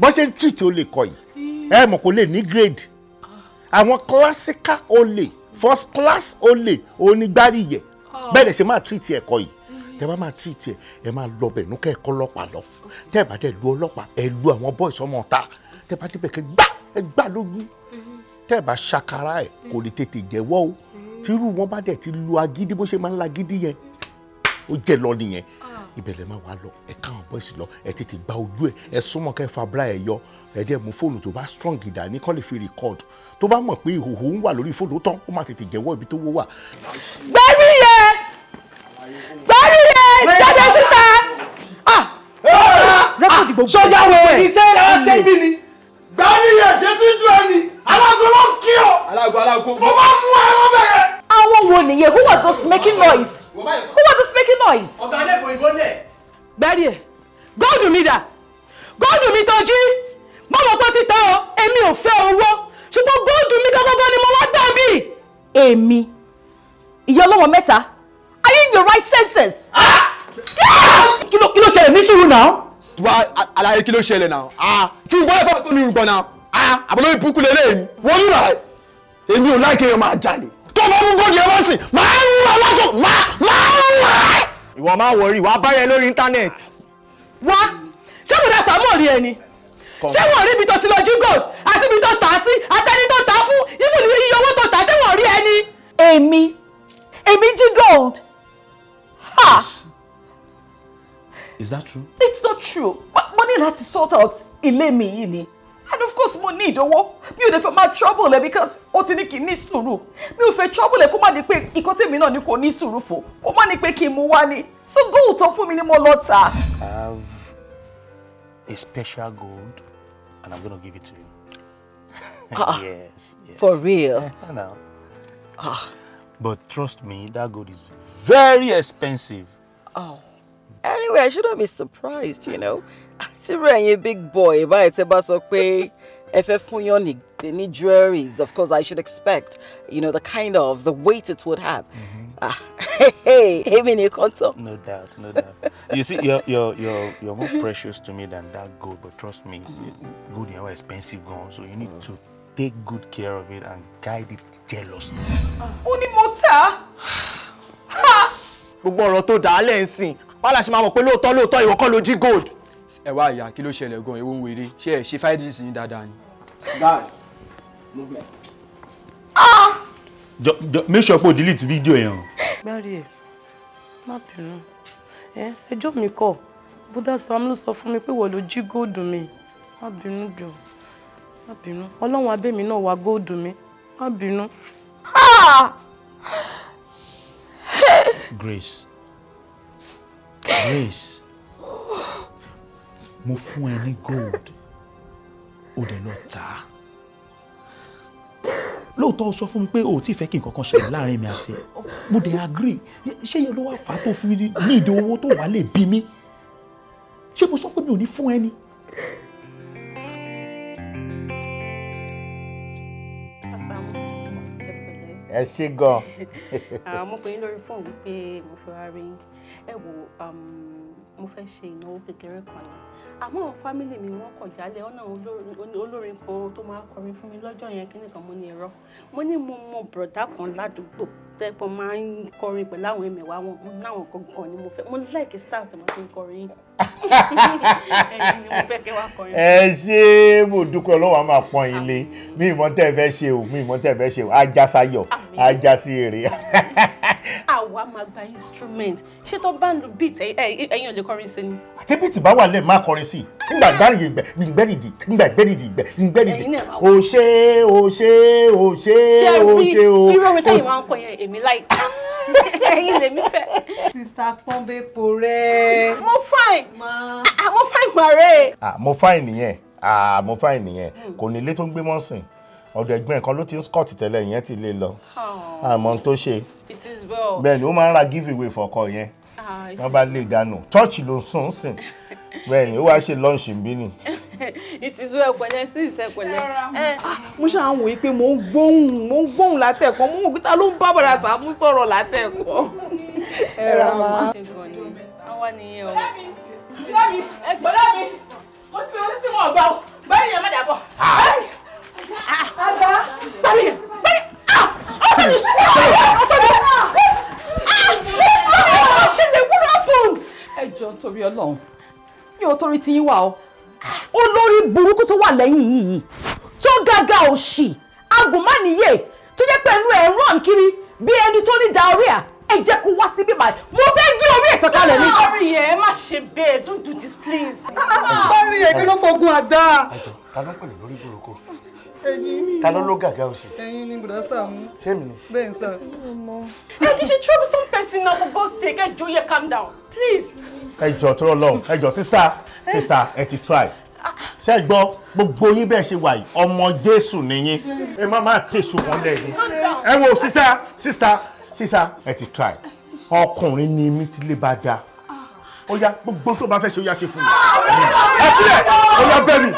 bọ́n *laughs* ṣe ń treat o lè kọ yìí ẹ mọ̀ kó lè ní grade ah. àwọn classical olè first class olè onígbáríyẹ ah. bẹ́ẹ̀ dẹ̀ ṣe máa treat ẹ̀kọ́ yìí mm. tẹ bá máa treat ẹ ẹ máa lọ bẹ̀ nú kẹ́ ẹ̀kọ́ ọlọ́pàá lọ tẹ́ ẹ bá dẹ̀ lu ọlọ́pàá ẹ lu àwọn boys ọmọ ọ̀tá tẹ́ bá débẹ̀ kẹ́ gbá ẹ gbá lógún tẹ́ bá ṣàkàrà ẹ̀ kò lè tètè jẹ́wọ́ o tírú wọn bá dẹ̀ ti lu agídí bó ṣe máa ń la agídí yẹn ó jẹ́ lọ nìyẹn ah. ibẹ̀lẹ̀ máa wà lọ ẹ káwọn bọ́ìsì lọ ẹ tètè gba ojú ẹ ẹ súnmọ́ kẹ́ fabra ẹ yọ ẹ dẹ̀ mú fóònù tó bá strong dání kọ́ lè fi record tó bá mọ̀ pé ìhòòhò ń wà lórí fóònù tán ó máa tètè jẹ́wọ́ ibi tó wó wà. gbẹ́rù yẹ gbẹ́rù yẹ jáde síta. sọ́jà ah! ah! wo iṣẹ́ rẹ̀ ṣe bí ni gbàdíyẹ ṣe ti dùn ẹni alágo ló kí ọ. alágo alágo. mo bá mú ẹran bẹ́ẹ̀. àwọn wo nìyẹn who was those making noise who was those making noise. ọ̀gá ilé ìfò ìbò lẹ̀. gbàdíyẹ góòdù mi dà góòdù mi tó jí bọ́mọ̀ pọ́ ti tẹ́ ọ èmi ò fẹ́ owó ṣùgbọ́n góòdù mi gángan ni mo wá dàbí. èmi ìyá ọlọ́wọ́ mẹ́ta are you in your right senses. Ah! kí ló ṣẹlẹ̀ ní sùúrù náà tí wàá àlàyé kí ló ṣẹlẹ̀ náà ah tí n bọ́lá fún àtúntò mi rùgbọ̀n náà ah àbúrò ìbùkún lè léyìn wọ́n ní ràá èmi ò láì kéèyàn máa jalè tó bá mú bọ́ọ̀dì ẹ̀ wá sí máa ń wọ aláṣọ máa máa ń wọ ẹ́. ìwọ máa wọrí wàá bá yẹn lórí íńtánẹ́ẹ̀tì. wá ṣé mo dá sàmúlò rí ẹni ṣé wọn rí ibi tó ti lọ jí gold àti ibi tó tà á sí àtẹni tó tà á fún ìfún iye owó tó tà á ṣé wọn rí ẹni. èmi èmi jí gold. Ha. Yes. Is that true? It's not true. Mo had to sort out ilemi ini, And of course mo don't want me ò dẹ̀ my trouble because ó ti ní kí n ní trouble ẹ kó má ní pé ìkan ni kò ní sùúrù fò. Kó má ní So go tó fún mi ni mo lọ I have a special gold and I'm gonna give it to you. *laughs* Ah, yes, yes. For real? *laughs* I know. Ah. But trust me, that gold is very expensive. Oh anyway I shouldn't be surprised you know àtìrò ẹ̀yin big boy báyìí tẹ́ bá sọ pé ẹ fẹ́ fún yan ní they need jewelries of course I should expect you know the kind of the weight it would have. Mm-hmm. Ah, hey, hey, No doubt, no doubt. You see, you're, you're, you're, you're more precious to me than that gold, but trust me, gold is expensive gold, so you need to take good care of it and guide it jealously. Ó ní mo tà á? Gbogbo ọ̀rọ̀ tó dà á bala ṣe máa mọ̀ pé lóòótọ́ lóòótọ́ ìwọ kọ́ ló jí gold. ẹ wá ìyá kí ló ṣẹlẹ̀ gan ewu ń wèrè ṣé ẹ ṣe five days yín dáadáa ni. guy movement. ah. jọ jọ make sure pé o delete video yẹn o. gbárí ẹ má bínú ẹjọ́ mi kọ̀ bùdá sam ló sọ fún mi pé wọ́n ló jí góòdù mi má bínú jọ má bínú ọlọ́run abẹ́mi náà wá góòdù mi má bínú. Grace Grace mo fún ẹ ní gold ó dẹ̀ lọ tà á lóòótọ́ sọ fún mi pé o ò tí ì fẹ́ kí nǹkan kan ṣẹlẹ̀ láàrin mi àti ẹ̀ mo dẹ̀ agree ṣé yẹn ló wá fà á tó fún mi ní ìdí owó tó wà lè bí mi ṣé mo sọ pé mi ò ní fún ẹ ni ẹ ṣé gan. àwọn *laughs* ah, ọmọkùnrin lórí fóònù wípé mo fẹ́ wá rí ẹ wo um, mo fẹ́ ṣe ìnáwó kékeré kan ni àmọ́ àwọn fámìlì mi wọ́n kọ̀ jálẹ̀ ọ̀nà olórin kan tó máa kọrin fún mi lọ́jọ́ yẹn kí nìkan mo ní irọ́ mo ní mo mọ bùrọ̀dá kan ládùúgbò tẹ́pọ̀ máa ń kọrin pẹ̀lú àwọn ẹ̀mẹ̀wá wọn láwọn gangan ni mo fẹ́ mo láìkí staff tó máa fi ń kọrin *laughs* ẹ̀yin ẹ ṣé mo dúpẹ́ ọlọ́wọ́ a máa pọ́n yín lé mi ìmọ̀ tẹ́ fẹ́ ṣe o mi ìmọ̀ tẹ́ fẹ́ ṣe o ajásayọ̀ ajásí rèé. *laughs* àwa máa gba instrument ṣé tó bá ń lu beat ẹ̀yin ò lè kọrin sí ni. àti beat bá wà lẹ́ẹ̀ máa kọrin sí i ngbà gbárìyè ìgbẹ́ ìgbẹ́rìdì ngbà ìgbẹ́rìdì ìgbẹ́ ìgbẹ́rìdì o ṣe o ṣe o ṣe o ṣe o. irú orin táyì máa ń kọ yẹn èmi láì *laughs* ẹ̀yin lèmi fẹ́. sista pọ́nbé porẹ́. mo fine ah, mo fine mare. Ah, mo fine nìyẹn ah, mo fine nìyẹn hmm. kò ní tó ń gbé mọ́sìn ọ̀dọ̀ ẹ̀gbọ́n kan ló ti ń scott tẹ́lẹ̀ ìyẹn ti lè lọ àmọ́ tó ṣe bẹ́ẹ̀ ni ó máa ń ra give away fọkọ yẹn ah, wọ́n bá lè e dànù church ló sùn sìn *laughs* bẹ́ẹ̀ ni ó wá ṣe lunch ń bí ni. *laughs* it is well pẹ̀lẹ́ sí ìṣẹpẹlẹ. Eh, ah, mo ṣáà ń wòye pé mo ń gbóhùn mo ń gbóhùn látẹ̀kọ́ mo ń òkúta ló ń bá bàrà sàmú sọ̀rọ̀ látẹ̀kọ́. *laughs* ẹ ra ma. àwa nìyẹn o. bọ́lá mi bọ́lá mi mo ti fi wọn sí wọn gbà o ni ẹ má dà bọ̀. Ah! Ọlọ́run mi ò torí ti yín wá o olórí burúkú tó wà lẹ́yìn yìí tó gágá òṣì agùnmánìyè tó jẹ́ pẹ̀lú ẹ̀ rán kiri bí ẹni tó ní diarrhea ẹ jẹ́ kó wá síbí báyìí mo fẹ́ gé orí ẹ̀ sọ̀kalẹ̀ ni. orí ẹ má ṣe bẹ́ẹ̀ don't do this please. Ah, orí ẹ kí ló fọgùn àdá. ta ló pè lórí burúkú ta ló ló gàgà òsì. ẹyin ni bùdó sàmú. ṣé mi ni. bẹ́ẹ̀ ni sir. ẹ kì í ṣe troublesome person náà for God's sake ẹ jọ̀ọ́ yẹ calm down please. ẹ jọ̀ọ́ tó rọ lọhùn ẹ jọ̀ọ́ sister sister ẹ ti try ṣe gbọ́ gbogbo yín bẹ́ẹ̀ ṣe wà yìí ọmọ Jésù nìyí ẹ má máa tẹ̀sù wọn lẹ́yìn ẹ wo sister sister sister ẹ ti try ọkùnrin ni mi ti lè bá dáa ó yá gbogbo tó bá fẹ́ ṣe ó yá ṣe fún mi ẹ tilẹ̀ ó yá bẹ́ mi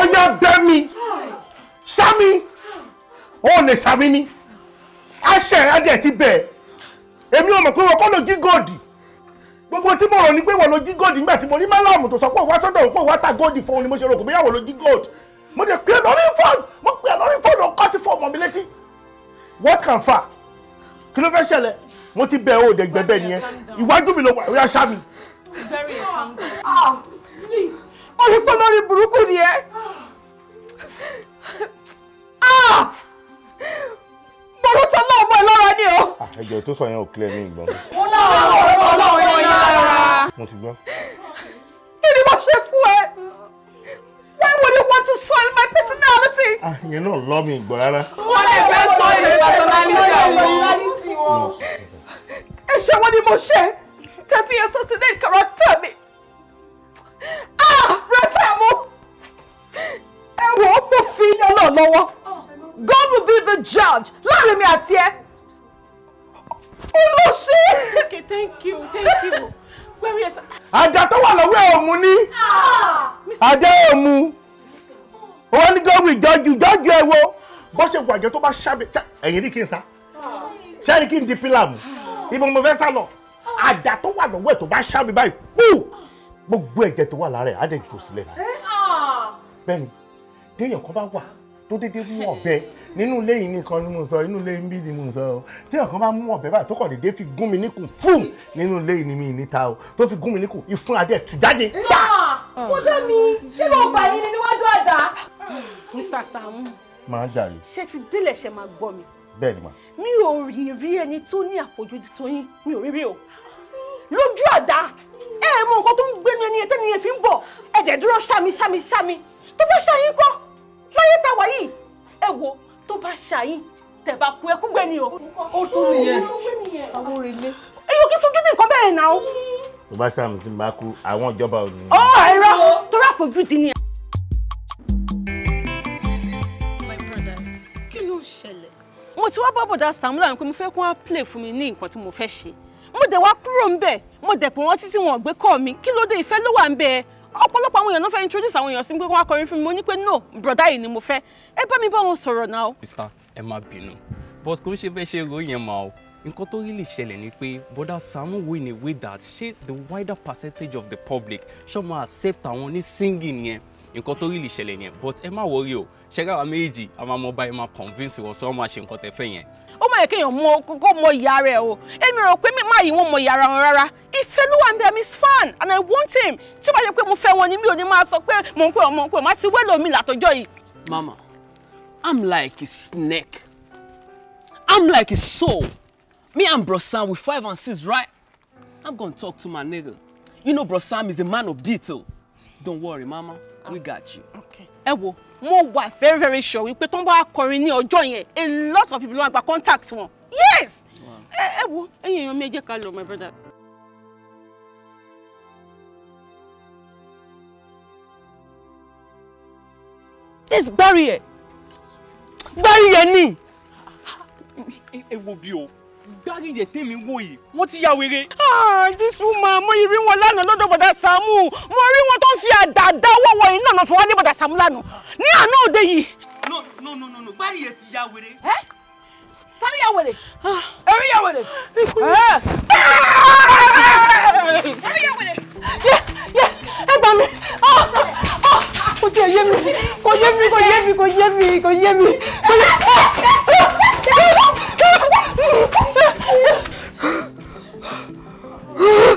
ó yá bẹ́ mi sami ó lè sami ni àṣẹ adé ti bẹ̀ èmi ò mọ̀ pé wọ́n kọ́ ló jí góòdì gbogbo tí mo rò ní pé wọ́n ló jí góòdì nígbà tí mo rí málàmù tó sọ pé wá sọ́dọ̀ òun pé wá ta góòdì fún òun ni mo ṣe rò kò bí àwọn ló jí góòdì mo dẹ̀ pé lórí fóònù mo pè é lórí fóònù ọkọ ti fóònù mi létí what can far kí ló fẹ́ ṣẹlẹ̀ mo ti bẹ̀ òde gbẹ̀bẹ̀ nìyẹn ìwájú mi ló wà ìyá sami. Ah, olùsọ lórí burúkú ni ẹ irọ́ ni o. Ah, ẹjọ tó sọ yẹn ò clear mi gbọ́n. mo láwọn ọ̀rọ̀ ọlọ́run yẹn lára. mo ti gbọ́. kí ni mo ṣe fún ẹ why would you want to soil my personality. Ah, yẹn náà lọ́ mi gbọ́ rárá. wọ́n lè fẹ́ sọ èyí personality àwọn. ẹ̀ṣẹ̀ wo ni mo ṣe tẹ́ fi assassinate character mi. ah ẹ wò mo fi iná náà lọ́wọ́. God will be the judge láàrin mi àti ẹ ó ṣe. okay thank you thank you where we are sir. àjà tó wà lọ́wọ́ ẹ̀ òmu ah! ní àjà òmu wọ́n ní gọ́ọ̀mù ìjọ́jú ìjọ́jú ẹ̀ wo bó ṣe wàjọ tó bá ṣàbẹ̀ ẹ̀yìn rí kí n sá ah. ṣẹ́ni kí n di fílàmù ibi mo fẹ́ sá lọ ah. àdá tó wà lọ́wọ́ ẹ̀ tó bá ṣá mi báyìí pù gbogbo ẹ̀jẹ̀ tó wà lára ẹ̀ á dẹ̀ jù sílẹ̀ náà. Eh, bẹ́ẹ̀ni téèyàn kan bá wà tó déédéé mú ọ̀bẹ nínú ilé yìí nìkan ni mo sọ inú ilé yìí ń bí ni mo sọ o tí ọ̀kan bá mú ọ̀bẹ báyìí tó kọ̀ déédéé fi gún mi níkùn fún nínú ilé yìí ni mi níta o tó fi gún mi níkùn ìfun adé tù jáde. mo dá mi ṣé mo bà yín níwájú àdá. Mr. Saamu. máa jàre. ṣé ti délẹ̀ ṣe máa gbọ́ mi. bẹ́ẹ̀ ni ma. mi ò rí rí ẹni tó ní àfojúdi tó yín mi ò rí rí o lójú àdá ẹ ẹ mọ nǹkan tó ń gbénu ẹni ẹtẹ́ni ẹ fi ń bọ̀ ẹ̀jẹ̀ dúró ṣámi ṣámi ṣámi tó fẹ́ ṣàyín kọ́ láyé táwa yìí ẹ wo tó bá ṣàyìn tẹ̀ bá kú ẹkú gbé ni o. ó tún nìyẹn àwọn òrèlé. èyí ò kí fojú di nǹkan bẹ́ẹ̀ náà. tó bá ṣàmì tí n bá kú àwọn ìjọba ò ní. ọ ẹ̀rọ tó rà fojú di ni. my brothers kí ló ń ṣẹlẹ̀. mo ti wá bá bọ̀dá Sàámú lánàá pé mo fẹ́ kó wá play fún mi ní nǹkan tí mo fẹ́ ṣe mo dẹ̀ wá kúrò ń bẹ̀ mo dẹ̀ pọ̀ wọ́n títí wọn ò gbé kọ́ mi kí ló dé ìfẹ́ ló wà ń bẹ̀ ẹ́ ọ̀pọ̀lọpọ̀ àwọn èèyàn náà fẹ́ introduce àwọn èèyàn sí pé wọ́n á fún mi mo ní pé no broda yìí ni mo fẹ́ ẹ bá mi bá wọn sọ̀rọ̀ náà. sista ẹ má bínú but kò ń ṣe bẹ́ẹ̀ ṣe ro yẹn mà o nǹkan tó rí lè ṣẹlẹ̀ ni pé broda Saamu wo in a way that ṣé the wider percentage of the public ṣọ́ máa accept àwọn ní singing yẹn nǹkan tó rí ṣẹlẹ̀ yẹn but ẹ má wọrí o ṣẹ́gá wa méjì a máa mọ báyìí máa convince wọn sọ wọn máa ṣe nǹkan tẹ fẹ́ yẹn. ó máa yẹ kéèyàn mọ kókó mọ ìyá rẹ o èmi rò pé má yìí wọn mọ ìyá ara wọn rárá ìfẹ́ ló wà ń bẹ mi fan and i want him tí ó bá yẹ pé mo fẹ́ wọn ni mi ò ní máa sọ pé mò ń pè ọmọ pé màá ti wẹ́lò mi látọjọ́ yìí. mama i'm like a snake i'm like a soul me and brosan we five and six right i'm gonna talk to my nigga you know brosan is a man of detail don't worry mama we ah, got you. ẹ wo mo wà very very sure wípé tó ń bá kọrin ní ọjọ́ yẹn a lot of people ló wá gba contact wọn yes ẹ wo ẹ̀yin èèyàn mi ẹ lọ my brother. this barrier barrier ni. Ah, ah, ẹ wo bí o gbáríyẹ tèmi wò yìí wọ́n ti ya wèrè. jésù ah, máa mo rí wọn lánàá lọ́dọ̀ bọ̀dà sàmú mo rí wọn tó ń fi àdàdà wọ̀wọ̀ yìí náà fún wa ní bọ̀dà sàmú lánàá ní àná òde yìí. no no no no gbáríyẹ ti ya wèrè. ẹ tani ya wèrè. Ah. ẹrí ya wèrè. ẹrí ya wèrè. yẹ yẹ ẹ gbà mí ah, kò tiẹ̀ yé mi kò yé mi kò yé mi kò yé mi kò yé mi. ああ。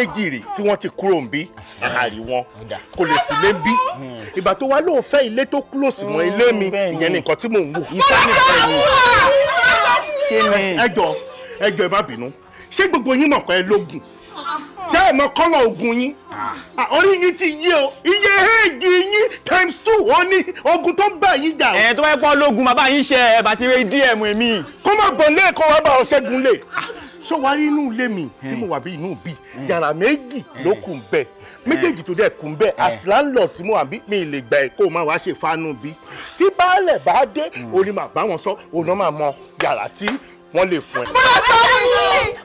méjì rè tí wọ́n ti kúrò ń bí àárí wọn kò lè sí lé ń bí ìgbà tó wá lóò fẹ́ ilé tó close mọ́ ilé mi ìyẹn ni nǹkan tí mò ń wò. ẹjọ ẹjọ ẹ má bínú ṣé gbogbo yín mọ̀ pé ẹ lógun ṣé ẹ mọ̀ kọ́lọ̀ ogun yín orí yín ti yé o iye éèjì yín times two ó ní ogun tó ń bá yín jà o. ẹ tó bá yẹ pọ́ lógun bàbá yín ṣe ẹ̀ bàtí rẹ díẹ̀ mú mi. kó má gbọ́n lé kó wá bá ọ̀ṣẹ́gun lè ṣé wàá rí inú ilé mi tí mo wà bí inú bí yàrá méjì ló kù ń bẹ méjèèjì tó dẹ̀ kù ń bẹ as tí mo wà bí mi lè gbà ẹ̀ kó o máa wá ṣe fanu bí tí baálẹ̀ bá dé òun ni màá bá wọn sọ òun náà máa mọ yàrá tí wọ́n lè fún ẹ. bọ́dọ̀ Sàámú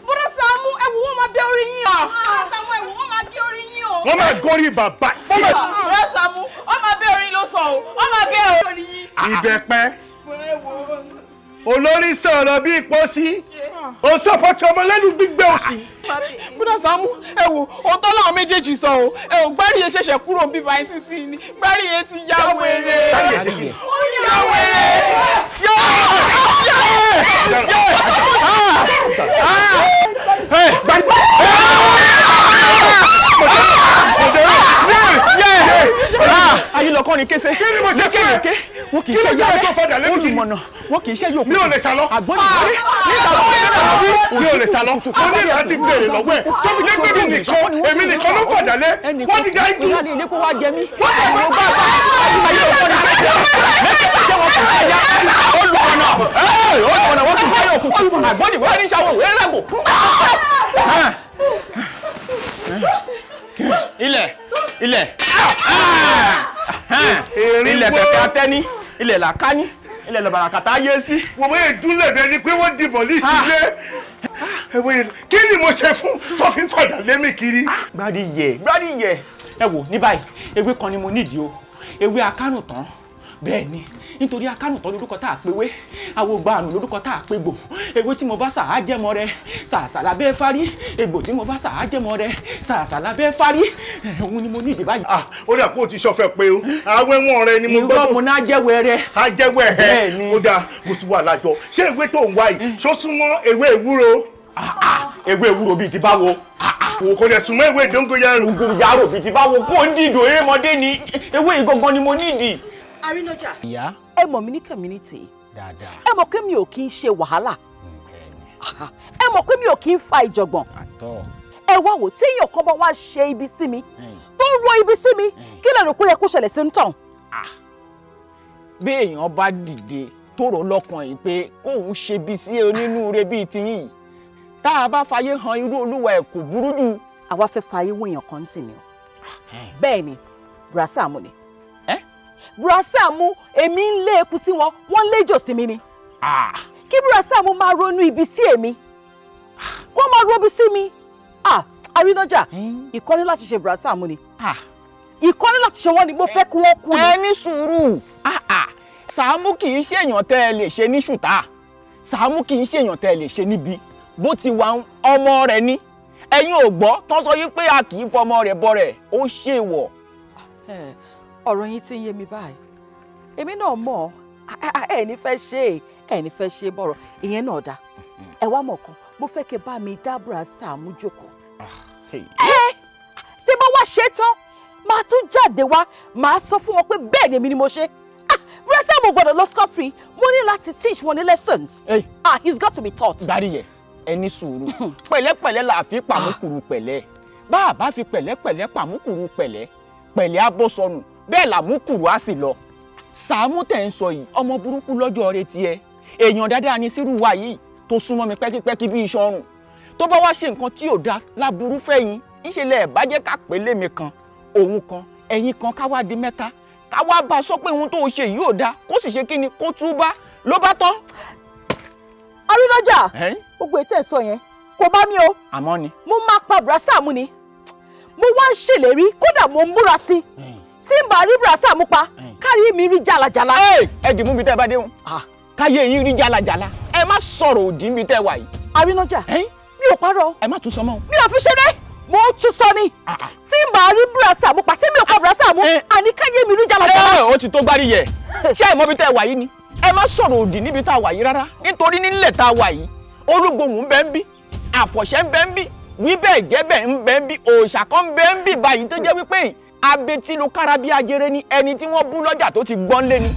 bọ́dọ̀ Sàámú ẹ̀wù wọn máa bẹ orí yín o. bọ́dọ̀ ah, Sàámú ẹ̀wù wọn máa gé orí yín o. wọ́n máa gorí bàbá. bọ́dọ̀ Sàámú wọ́n máa bẹ orí ló sọ o wọ́n máa bẹ orí yín. ìbẹ̀pẹ̀ ah, ah. olórí sọ̀rọ̀ bí ìpọ́sí ó sọpọ́tì ọmọ lẹ́nu gbígbẹ́ òsì. bùdá Sàámú ẹ wò òótọ́ làwọn méjèèjì sọ o ẹ ò gbáríyé ṣẹ̀ṣẹ̀ kúrò ń bíbá yín sísí ni gbáríyé ti ya wèrè. ó ya wèrè. yọ yọ yọ. ayélujọ ni kése kí ni mo ṣe fún ẹ wọn kì í ṣe yàrá wọn kì í mọ̀nà wọn kì í ṣe yòókù mi ò lè sálọ àgbọn ìwọlé mi ò lè sálọ mo ní láti béèrè lọ́wọ́ ẹ tó fi jẹ́ pé mi nìkan èmi nìkan ló fàjà lé wọ́n ti já ikú. ìlànà ilé kó wá jẹ mí. wọ́n ti mú bá bá ayélujọ ni kése jẹ́ wọn kì í ṣe yá olùkọ́nà olùkọ́nà wọn kì í ṣe yòókù àgbọn ìwọlé ní sàwọn òwe rẹ̀ ilẹ̀ ilẹ̀ ilẹ̀ bẹ̀kẹ́ atẹ́ni ilẹ̀ làkání ilẹ̀ lọ́bàràkàtà yé sí. wọ́n mọ̀ èdúlẹ̀ bẹ́ẹ̀ ni pé wọ́n dìbò ní ah. ìṣílẹ̀ ẹ̀wẹ̀ kí ni mo ṣe fún tó fi ń tọ̀dà lémi kiri. gbádìí yẹ gbádìí yẹ ẹ wò ní báyìí ewé kan ni mo nídìí o ewé akánù tán bẹ́ẹ̀ ni nítorí akánù tán lórúkọ tá a pé wé awogba àrùn lórúkọ tá a pé gbò ewé tí mo bá sàá jẹmọ rẹ sàṣà lábẹ́ fárí egbò tí mo bá sàá jẹmọ rẹ sàṣà lábẹ́ fárí òun ni mo ní ìdìbà yìí. Ah, ó dà pé o ti sọfẹ pé o awẹ́wọ̀n rẹ ni mo gbọ́dọ̀. ìwọ mo náà jẹ́wẹ́ rẹ. a jẹ́wẹ́ ẹ ó dáa kò sí wàhálà jọ ṣé ewé tó ń wá yìí ṣó súnmọ́ ewé ewúro ah, ah, ewé ewúro bíi ti báwo. kò dẹ̀ súnmọ́ ewé dóńgóyàrò. dóńgóyàrò bíi ti báwo kó ń dìdò erémọdé ni ewé ìgangan ni mo nídìí. Arínájà. ìyá. ẹ mọ̀ mí ní community. dáadáa. ẹ mọ̀ pé mi ò kí ń ṣe wàhálà. ẹ mọ̀ pé mi ò kí ń fa ìjọ̀gbọ̀n. àtọ. ẹ wá wò téèyàn kan bá wá ṣe ibi sí mi tó ń rọ ibi sí mi kí lè rò pé yẹ kó ṣẹlẹ̀ sí ń tàn. bí èèyàn bá dìde tóró lọ́kàn yìí pé kóun ṣe bí sí onínúure bíi tiyín yìí tá a bá fàyè han irú olúwa ẹ̀ kò burú jù. àwa fẹ́ fàyè wọ̀nyàn kan tì ní o bẹ́ẹ̀ ni brasa amúni bùrọ̀ Sàámú èmi ń lé eku sí wọn wọ́n léjò sí mi ni kí bùrọ̀ Sàámú máa ronú ibi sí èmi kó máa robi sí mi àrínájà ìkọ́ni láti ṣe bùrọ̀ Sàámú ni ìkọ́ni láti ṣe wọ́n ni mo fẹ́ kí wọ́n kú ni. ẹ ní sùúrù Sàámú kì í ṣèyàn tẹ́ ẹ lè ṣe ní ṣùtá Sàámú kì í ṣèyàn tẹ́ ẹ lè ṣe níbi bó ti wà ọmọ rẹ ni ẹ̀yin ò gbọ́ tán sọ yí pé a kì í fọmọ rẹ̀ bọ rẹ̀ ó ṣèwọ̀ ọ̀rọ̀ yín ti ń yé mi báyìí èmi náà mọ̀ ẹ ní fẹ́ ṣe é ẹ ní fẹ́ ṣe bọ̀rọ̀ ìyẹn náà dáa ẹ wá mọ̀ kan mo fẹ́ kí ẹ bá mi dábùrà Sàámú jókòó. Ah, ẹ tí mo wá ṣe tán máa tún jáde wá máa sọ fún wọn pé bẹ́ẹ̀ ni èmi ni mo ṣe ah, bùrẹ́sẹ̀ mo gbọ́dọ̀ lọ scot free mo ní láti teach wọn ní lessons ah he's got to be taught. dárí yẹ ẹ ní sùúrù pẹ̀lẹ́pẹ̀lẹ́ la fi pàmùkùrù pẹ̀lẹ́ bá a bá fi pẹ̀lẹ́pẹ̀lẹ́ pàmùkùrù pẹ̀lẹ́ pẹ̀lẹ́ abọ́sọnù bẹ́ẹ̀ làmúkùrú á sì lọ sàámú tẹ̀ ń sọ yìí ọmọ burúkú lọ́jọ́ rẹ tiẹ̀ èèyàn dáadáa ní sírù wa yìí tó súnmọ́ mi pẹ́kípẹ́kí bí iṣan ọrùn tó bá wá ṣe nǹkan tí ò dáa láburú fẹ́yìn ìṣẹ̀lẹ̀ ẹ̀ ká pé lémi kan òun kan ẹ̀yin kan ká wá di mẹ́ta ká wá bá a sọ pé ohun tó o ṣe yìí ò dáa kó sì ṣe kí ni kó túbá ló bá tán. arínájà gbogbo ètò ẹ̀sọ́ yẹn kò bá mi o. àmọ́ ni. mo máa pa bùrọ̀sà mu ni mo wá ń ṣèlérí kódà mo ń múra sí i tí n bá rí brasa mú pa kárí mi rí jalajala. ẹ dì mú bi tẹ́ ẹ bá dé wọn ah. káyé yín rí jalajala ẹ má sọ̀rọ̀ òdì níbi tẹ́ ẹ wà yìí. àrínájà mi ò parọ́ ẹ má tún sọ mọ́ o. mi ò fi ṣeré mo tún sọ ni ah, ah. tí n bá rí brasa mú pa tí mi ò pa brasa mú àní káyé mi rí jalajala. ó ti tó gbárí yẹ *laughs* ṣé ẹ mọ̀ bí tẹ́ ẹ wà yìí ni ẹ má sọ̀rọ̀ òdì níbi tá a wà yìí rárá nítorí nílẹ̀ tá a wà yìí olúgbòhùn bẹ́ẹ̀ ń bí àfọ̀ṣẹ́ bẹ́ẹ̀ ń bí wí abetilu Karabi ajere ni ẹni tí wọ́n bú lọ́jà tó ti gbọ́n lé ni.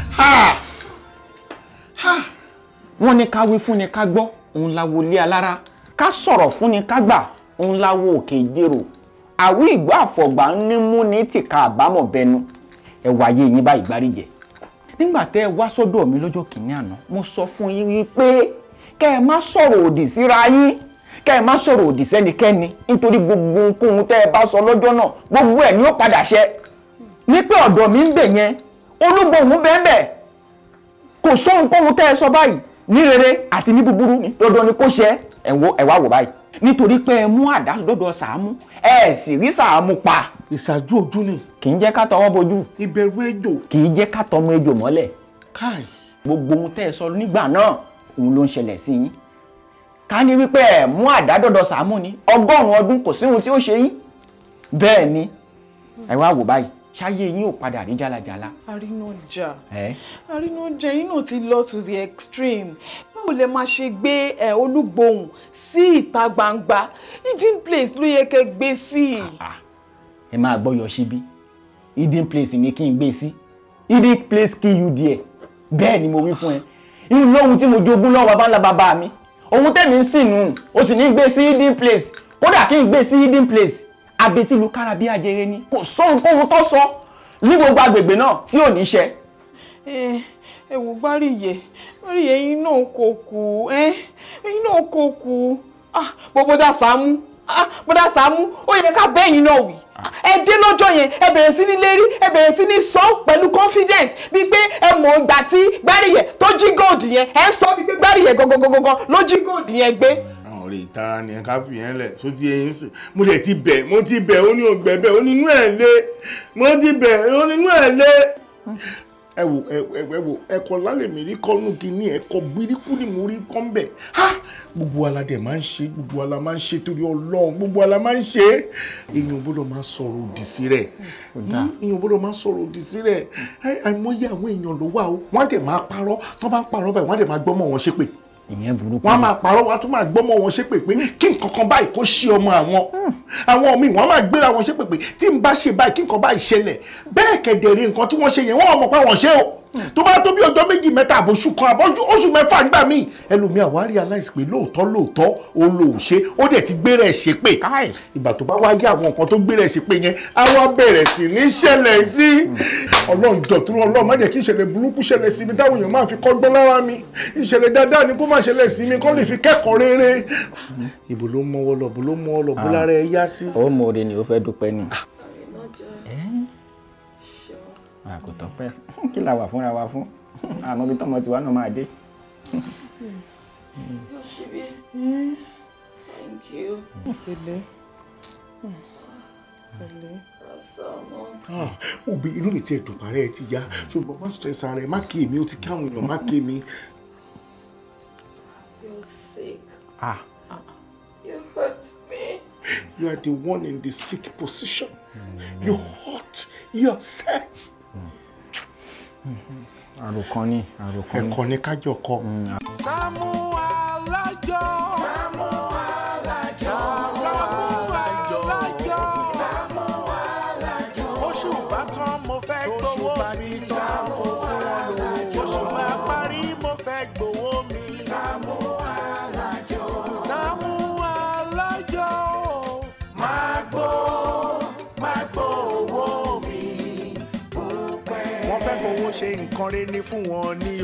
wọ́n ní ká wí fún ni ká gbọ́ òun la wo lé alára ká sọ̀rọ̀ fún ni ká gbà òun la wo òkè ìjérò àwí ìgbọ́ àfọ̀gbà ń mú ní tìka àbámọ̀ bẹnu ẹ wáyé yín bá ìgbáríjẹ nígbà tẹ́ ẹ wá sọ́dọ̀ mi lọ́jọ́ kìíní àná mo sọ fún yín wípé kẹ́ ẹ má sọ̀rọ̀ òdì síra yín kẹ́ ẹ má sọ̀rọ̀ òdì sẹ́nikẹ́ni nítorí gbogbo ohunkóhun tẹ́ ẹ bá sọ lọ́jọ́ náà gbogbo ẹ̀ ni ó padà ṣẹ ní pé ọ̀dọ̀ mi ń bẹ yẹn olúgbòhùn bẹ́ẹ̀ kò sọ ohunkóhun tẹ́ ẹ sọ báyìí ní rere àti ní búburú ni dandan ni kò ṣẹ ẹ wá wò báyìí nítorí pé ẹ mú àdá dọ́dọ̀ sàámú ẹ sì rí sàámú pa. ìṣáájú ojú ni. kì í jẹ́ ká tọwọ́ bojú. ìbẹ̀rù ejò. kì í jẹ́ ká tọmọ ejò mọ́lẹ̀. káì. gbogbo ohun tẹ́ ẹ sọ nígbà náà òun ló ń ṣẹlẹ̀ sí yín ká ní wípé ẹ̀ mú àdádọ́dọ̀ Sàámú ni ọgọ́rùn-ún ọdún kò sí ohun tí ó ṣe yín bẹ́ẹ̀ ni ẹ wá wò báyìí ṣáyé yín ò padà rí jálajàla. àrínájà àrínájà yín náà ti lọ to the extreme báwo lẹ máa ṣe gbé ẹ olúgbòhùn sí ìta gbangba hidden place ló yẹ kẹ́ gbé sí. Ah, ah. ẹ máa gbọ́ yọ síbí hidden place ni kí n gbé sí hidden place kí you there bẹ́ẹ̀ ni mo wí fún ẹ irú lóhun tí mo jogún lọ́wọ́ bàbá ńlá bàbá mi ohun tẹ̀mí ń sìn nù o sì ní gbé sí hidden place kódà kí n gbé sí hidden place abetilu kárabi ajere ni kò sóhun kóhun tó sọ ní gbogbo agbègbè náà tí ò ní ṣe. ẹ ẹ wò gbáríyẹ gbáríyẹ yín náà kò kú ẹ yín náà kò kú ah gbogbo dà sámú Ah, bọ́dà Sàámú ó yẹ ká bẹ́yìn náà wí ẹ dé lọ́jọ́ yẹn ẹ bẹ̀rẹ̀ sí ní lérí ẹ bẹ̀rẹ̀ sí ní sọ pẹ̀lú confidence bíi pé ẹ mọ̀ ìgbà tí Gbáríyẹ̀ tó jí gold yẹn ẹ ń sọ bíi pé Gbáríyẹ̀ gangan ló jí gold yẹn gbé. àwọn ọ̀rẹ́ ìtara ni ká fi yẹn lẹ̀ tó ti yẹn sìn mo dẹ̀ ti bẹ̀ mo ti bẹ̀ ó ní ògbẹ́ bẹ̀ ó nínú ẹ̀ lé mo ti bẹ̀ ó nínú ẹ̀ lé ẹ wò ẹ ẹ wò ẹkọ lálẹ́mì rí kọ́nù kínní ẹkọ gbirikú ni mo rí kọ́ ń ha gbogbo ala dẹ̀ máa ń ṣe gbogbo ala máa ń ṣe torí ọlọ́run gbogbo ala máa ń ṣe èèyàn gbọ́dọ̀ máa sọ̀rọ̀ òdì sí rẹ̀ hmm, èèyàn gbọ́dọ̀ máa sọ̀rọ̀ òdì sí rẹ̀ àìmọye àwọn èèyàn ló wà ó wọ́n á máa parọ́ tó bá ń parọ́ báyìí wọ́n á máa gbọ́mọ̀ wọn ṣépè ìyẹn burúkú. wọ́n á máa parọ́ wọ́n á tún máa gbọ́mọ wọn ṣépè pé kí nǹkan kan báyìí kó ṣe ọmọ àwọn hmm. àwọn míì wọ́n á máa gbéra wọn ṣépè pé tí n bá ṣe báyìí kí nǹkan báyìí ṣẹlẹ̀ bẹ́ẹ̀ kẹ̀dẹ̀rẹ̀ nǹkan tí wọ́n ṣe yẹn wọ́n mọ̀ pé wọ́n ṣe o tó bá tó bí ọjọ́ méjì mẹ́ta àbóṣù kan àbóṣù oṣù mẹ́fà nígbà míì ẹlòmíì àwa realize pé lóòótọ́ lóòótọ́ òun lòun ṣe ó dẹ̀ ti gbéra ẹ̀ ṣe pé ìgbà tó bá wá yé àwọn nǹkan tó gbéra ẹ̀ ṣe pé yẹn á wá bẹ̀rẹ̀ sí ní ṣẹlẹ̀ sí ọlọ́run jọ̀tún ọlọ́run má jẹ́ kí ìṣẹ̀lẹ̀ burúkú ṣẹlẹ̀ sí mi táwọn èèyàn máa fi kọ́gbọ́n lára mi ìṣẹ̀lẹ̀ dáadáa ni kó má ṣẹlẹ̀ sí mi kó lè fi kẹ́kọ̀ọ́ rere. ibo ló mọ́wọ́ lọ bó ló mọ́wọ́ lọ bó lára ẹ yá sí. ó mọ̀ ọ́ de ni ó fẹ́ dúpẹ́ ni. Ah, kò tọ́pẹ́ *laughs* kí la wà fúnra wa fún *laughs* àmọ́ bí tọ́mọ tiwa náà máa dé. *laughs* pẹ̀lẹ́ pẹ̀lẹ́ òbí ah, inú mi ti ẹ̀dùn parẹ́ ẹ ti yá ṣùgbọ́n má stress ara ẹ má kí èmi ó ti kí àwọn èèyàn má kí èmi. You're sick. Ah. You hurt me. You are the one in the sick position. You hurt yourself àròkàn ni àròkàn ni ẹ̀kọ́ ni kájọ kọ. Mm, Sàámú rere fún wọn ní